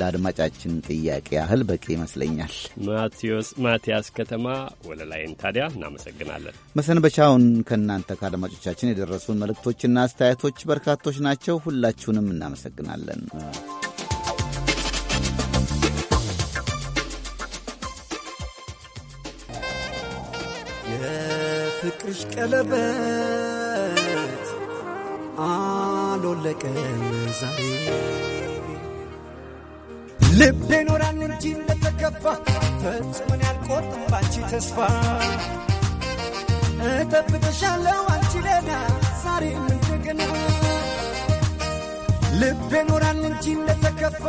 ለአድማጫችን ጥያቄ ያህል በቂ ይመስለኛል። ማቴዎስ ማቲያስ ከተማ ወለላይን ታዲያ እናመሰግናለን። መሰንበቻውን ከእናንተ ከአድማጮቻችን የደረሱን መልእክቶችና አስተያየቶች በርካቶች ናቸው። ሁላችሁንም እናመሰግናለን። የፍቅርሽ ቀለበት አሎለቀም ዛሬ ልቤ ኖራል እንጂ እንደተከፋ ፈጽምን ያልቆርጥም ባንቺ ተስፋ እጠብቅሻለሁ አንቺ ሌላ ዛሬ ምንደገና ልቤ ኖራል እንጂ እንደተከፋ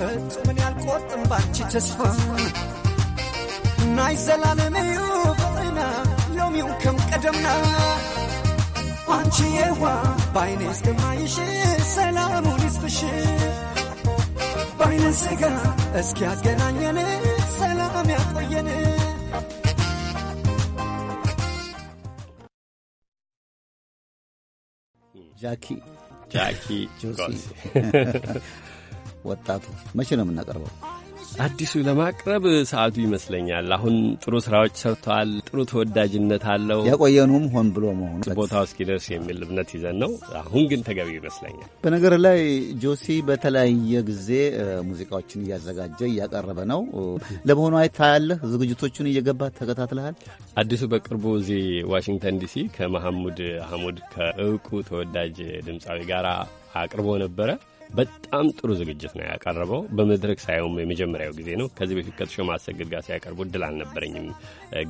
ፈጽምን ያልቆርጥም ባንቺ ተስፋ ናይ ዘላለምዩ ፍቅርና ሎሚው አንቺ የዋ ባይኔ እስከማይሽ ሰላሙን ይስፍሽ በአይነ ስጋ እስኪ ያገናኘን ሰላም ያቆየን። ጃኪ ጃኪ ወጣቱ መቼ ነው የምናቀርበው? አዲሱ ለማቅረብ ሰዓቱ ይመስለኛል። አሁን ጥሩ ስራዎች ሰርተዋል። ጥሩ ተወዳጅነት አለው። ያቆየኑም ሆን ብሎ መሆኑ ቦታው እስኪደርስ የሚል እምነት ይዘን ነው። አሁን ግን ተገቢ ይመስለኛል። በነገር ላይ ጆሲ በተለያየ ጊዜ ሙዚቃዎችን እያዘጋጀ እያቀረበ ነው። ለመሆኑ አይታያለህ? ዝግጅቶቹን እየገባ ተከታትለሃል? አዲሱ በቅርቡ እዚህ ዋሽንግተን ዲሲ ከመሐሙድ አህሙድ ከእውቁ ተወዳጅ ድምፃዊ ጋር አቅርቦ ነበረ። በጣም ጥሩ ዝግጅት ነው ያቀረበው። በመድረክ ሳይሆን የመጀመሪያው ጊዜ ነው። ከዚህ በፊት ከትሾ ማሰግድ ጋር ሲያቀርቡ እድል አልነበረኝም፣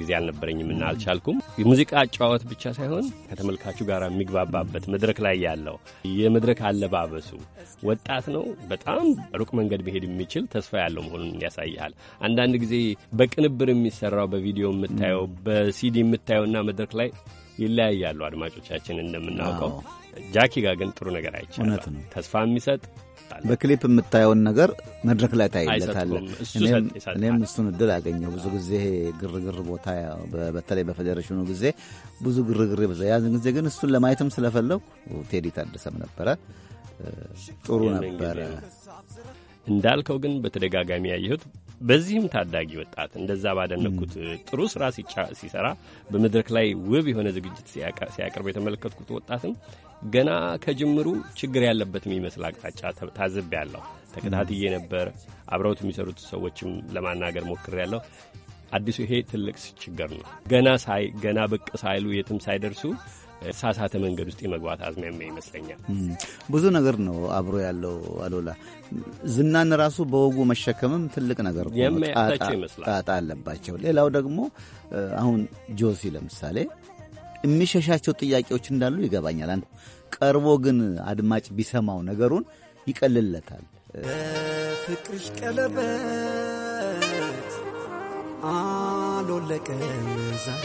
ጊዜ አልነበረኝም እና አልቻልኩም። የሙዚቃ አጨዋወት ብቻ ሳይሆን ከተመልካቹ ጋር የሚግባባበት መድረክ ላይ ያለው የመድረክ አለባበሱ ወጣት ነው። በጣም ሩቅ መንገድ መሄድ የሚችል ተስፋ ያለው መሆኑን ያሳይሃል። አንዳንድ ጊዜ በቅንብር የሚሰራው በቪዲዮ የምታየው በሲዲ የምታየውና መድረክ ላይ ይለያያሉ። አድማጮቻችን እንደምናውቀው ጃኪ ጋር ግን ጥሩ ነገር አይቻልም። እውነት ነው። ተስፋ የሚሰጥ በክሊፕ የምታየውን ነገር መድረክ ላይ ታይለታለህ። እኔም እሱን እድል አገኘሁ። ብዙ ጊዜ ግርግር ቦታ በተለይ በፌዴሬሽኑ ጊዜ ብዙ ግርግር ብዙ ያዝን ጊዜ ግን እሱን ለማየትም ስለፈለግኩ ቴዲ ታደሰም ነበረ። ጥሩ ነበረ እንዳልከው ግን በተደጋጋሚ ያየሁት በዚህም ታዳጊ ወጣት እንደዛ ባደነኩት ጥሩ ስራ ሲሰራ በመድረክ ላይ ውብ የሆነ ዝግጅት ሲያቀርብ የተመለከትኩት ወጣትም ገና ከጅምሩ ችግር ያለበት የሚመስል አቅጣጫ ታዝብ ያለው ተከታትዬ ነበር። አብረውት የሚሰሩት ሰዎችም ለማናገር ሞክር ያለው አዲሱ ይሄ ትልቅ ችግር ነው። ገና ሳይ ገና ብቅ ሳይሉ የትም ሳይደርሱ ሳሳተ መንገድ ውስጥ የመግባት አዝማሚያ ይመስለኛል። ብዙ ነገር ነው አብሮ ያለው አሎላ። ዝናን ራሱ በወጉ መሸከምም ትልቅ ነገር ጣጣ አለባቸው። ሌላው ደግሞ አሁን ጆሲ ለምሳሌ የሚሸሻቸው ጥያቄዎች እንዳሉ ይገባኛል። አንድ ቀርቦ ግን አድማጭ ቢሰማው ነገሩን ይቀልለታል። በፍቅርሽ ቀለበት አሎለቀ ዛሬ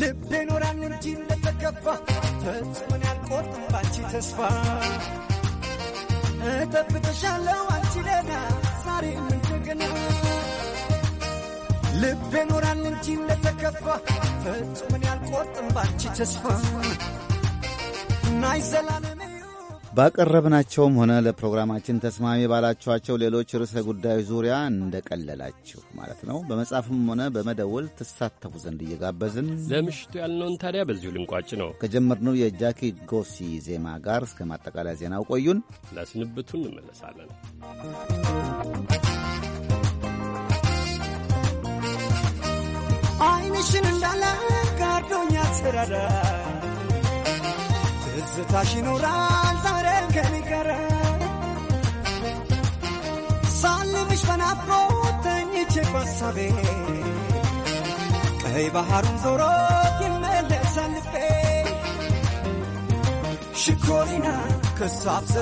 ልቤ ኖራን እንጂ እንደተከፋ ፈጽሞን ያልቆርጥም ባንቺ ተስፋ እጠብቅሻለሁ አንቺ ደህና ዛሬ ምንድግና ልቤ ኖራን እንጂ እንደተከፋ ፈጽሞን ያልቆርጥም ባንቺ ተስፋ ናይ እናይዘላል ባቀረብናቸውም ሆነ ለፕሮግራማችን ተስማሚ ባላችኋቸው ሌሎች ርዕሰ ጉዳዮች ዙሪያ እንደቀለላችሁ ማለት ነው በመጻፍም ሆነ በመደወል ትሳተፉ ዘንድ እየጋበዝን ለምሽቱ ያልነውን ታዲያ በዚሁ ልንቋጭ ነው። ከጀመርነው የጃኪ ጎሲ ዜማ ጋር እስከ ማጠቃለያ ዜናው ቆዩን። ለስንብቱ እንመለሳለን። አይንሽን እንዳለ ጋርዶኛ ትራዳ تاتشینو ران سارے کی کرے سال مش فنا کو تو نہیں چھو پتہ بے مل سب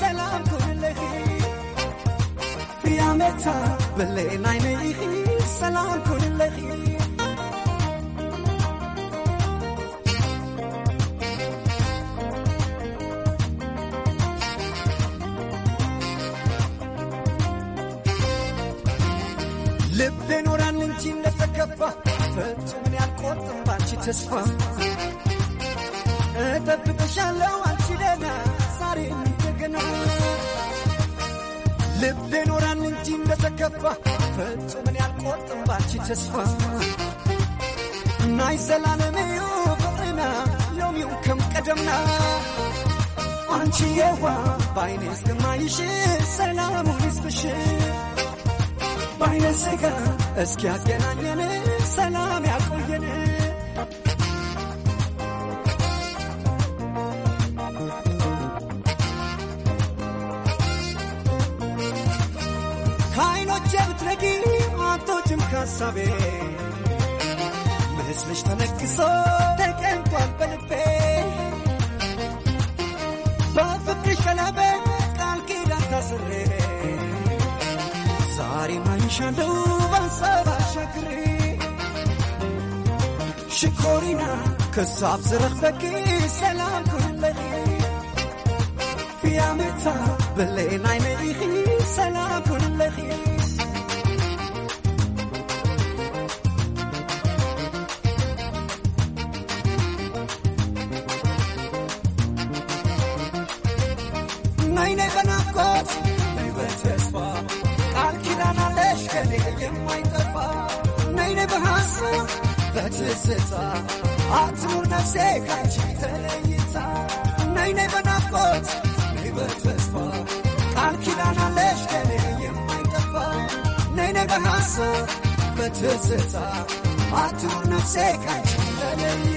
سلام کل خیر پیامتہ دلے بله نائیں سلام کل ልቤ ኖራን እንጂ እንደተከፋ ፍጹምን ያልቆርጥም ባንቺ ተስፋ እጠብቅሻለሁ አንቺ ደና ዛሬ እንደገና ልቤ ኖራን እንጂ እንደተከፋ ፍጹምን ያልቆርጥም ባንቺ ተስፋ ናይ ዘላለምዩ ፍቅርና ሎሚው ከም ቀደምና አንቺ የዋ ባይኔ እስከማይሽ ሰላሙን ይስጥሽ የስጋ እስኪ ያገናኘን ሰላም ያቆየን። ከዓይኖቼ ብትነጊ አቶችም ካሳቤ ምስልሽ ተነግሶ ተቀምጧል በልቤ በፍቅርሽ ቀለበት ቃል ኪዳን ታስሬ አሻለው ባንሳብ አሻግሬ ሽኮሪና ከሳብ ዝረኽበኪ ሰላም ኩለኒ ፊያመታ ብለናይ መሪኺ ሰላም ኩለኒ ነፍሴ ካንቺ ተለይታ ነይ ነይ በናፍቆት ነይ በተስፋ ቃል ኪዳን አለሽ ከኔ የማይጠፋ ነይ ነይ በሐሳብ በትዝታ አትኑር ነፍሴ ካንቺ ተለይታ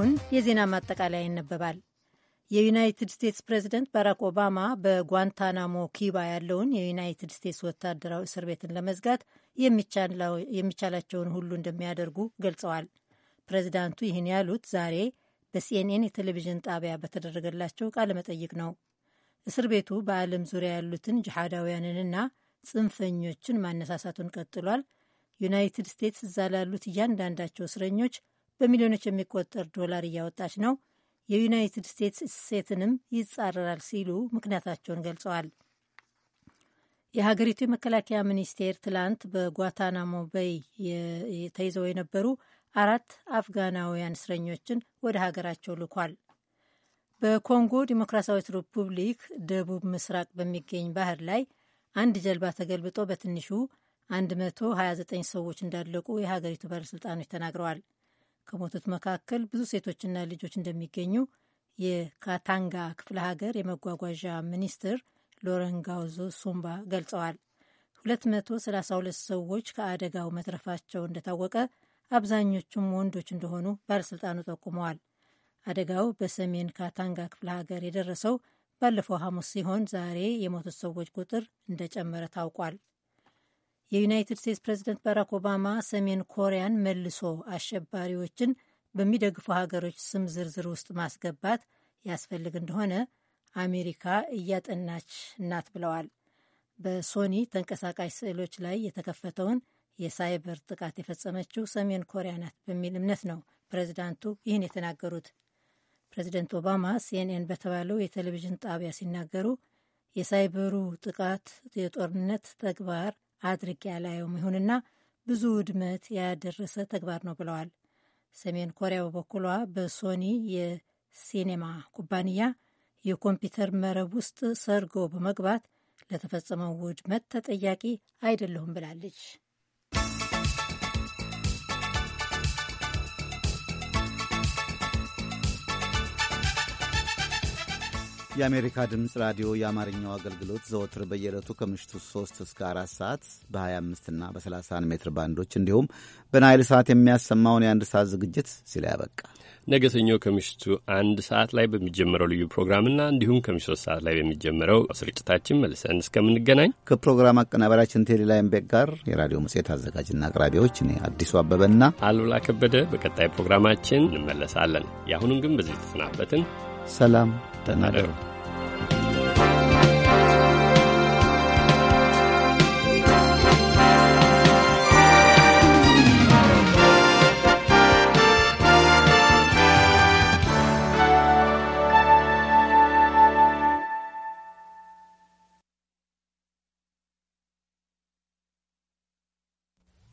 አሁን የዜና ማጠቃለያ ይነበባል። የዩናይትድ ስቴትስ ፕሬዚደንት ባራክ ኦባማ በጓንታናሞ ኪባ ያለውን የዩናይትድ ስቴትስ ወታደራዊ እስር ቤትን ለመዝጋት የሚቻላቸውን ሁሉ እንደሚያደርጉ ገልጸዋል። ፕሬዚዳንቱ ይህን ያሉት ዛሬ በሲኤንኤን የቴሌቪዥን ጣቢያ በተደረገላቸው ቃለ መጠይቅ ነው። እስር ቤቱ በዓለም ዙሪያ ያሉትን ጅሃዳውያንንና ጽንፈኞችን ማነሳሳቱን ቀጥሏል። ዩናይትድ ስቴትስ እዛ ላሉት እያንዳንዳቸው እስረኞች በሚሊዮኖች የሚቆጠር ዶላር እያወጣች ነው፣ የዩናይትድ ስቴትስ እሴትንም ይጻረራል ሲሉ ምክንያታቸውን ገልጸዋል። የሀገሪቱ የመከላከያ ሚኒስቴር ትላንት በጓንታናሞ በይ ተይዘው የነበሩ አራት አፍጋናውያን እስረኞችን ወደ ሀገራቸው ልኳል። በኮንጎ ዲሞክራሲያዊት ሪፑብሊክ ደቡብ ምስራቅ በሚገኝ ባህር ላይ አንድ ጀልባ ተገልብጦ በትንሹ 129 ሰዎች እንዳለቁ የሀገሪቱ ባለሥልጣኖች ተናግረዋል። ከሞቱት መካከል ብዙ ሴቶችና ልጆች እንደሚገኙ የካታንጋ ክፍለ ሀገር የመጓጓዣ ሚኒስትር ሎረንጋውዞ ሱምባ ገልጸዋል። 232 ሰዎች ከአደጋው መትረፋቸው እንደታወቀ አብዛኞቹም ወንዶች እንደሆኑ ባለሥልጣኑ ጠቁመዋል። አደጋው በሰሜን ካታንጋ ክፍለ ሀገር የደረሰው ባለፈው ሐሙስ ሲሆን ዛሬ የሞቱት ሰዎች ቁጥር እንደጨመረ ታውቋል። የዩናይትድ ስቴትስ ፕሬዚደንት ባራክ ኦባማ ሰሜን ኮሪያን መልሶ አሸባሪዎችን በሚደግፉ ሀገሮች ስም ዝርዝር ውስጥ ማስገባት ያስፈልግ እንደሆነ አሜሪካ እያጠናች ናት ብለዋል። በሶኒ ተንቀሳቃሽ ስዕሎች ላይ የተከፈተውን የሳይበር ጥቃት የፈጸመችው ሰሜን ኮሪያ ናት በሚል እምነት ነው ፕሬዚዳንቱ ይህን የተናገሩት። ፕሬዚደንት ኦባማ ሲኤንኤን በተባለው የቴሌቪዥን ጣቢያ ሲናገሩ የሳይበሩ ጥቃት የጦርነት ተግባር አድርግ አላየውም። ይሁንና ብዙ ውድመት ያደረሰ ተግባር ነው ብለዋል። ሰሜን ኮሪያ በበኩሏ በሶኒ የሲኔማ ኩባንያ የኮምፒውተር መረብ ውስጥ ሰርጎ በመግባት ለተፈጸመው ውድመት ተጠያቂ አይደለሁም ብላለች። የአሜሪካ ድምፅ ራዲዮ የአማርኛው አገልግሎት ዘወትር በየዕለቱ ከምሽቱ 3 እስከ 4 ሰዓት በ25 እና በ31 ሜትር ባንዶች እንዲሁም በናይል ሰዓት የሚያሰማውን የአንድ ሰዓት ዝግጅት ሲል ያበቃ። ነገ ሰኞ ከምሽቱ አንድ ሰዓት ላይ በሚጀመረው ልዩ ፕሮግራምና እንዲሁም ከምሽቱ ሶስት ሰዓት ላይ በሚጀመረው ስርጭታችን መልሰን እስከምንገናኝ ከፕሮግራም አቀናበራችን ቴሌላይምቤክ ጋር የራዲዮ መጽሔት አዘጋጅና አቅራቢዎች እኔ አዲሱ አበበና አሉላ ከበደ በቀጣይ ፕሮግራማችን እንመለሳለን። የአሁኑን ግን በዚህ ተሰናበትን። ሰላም ተናደሩ።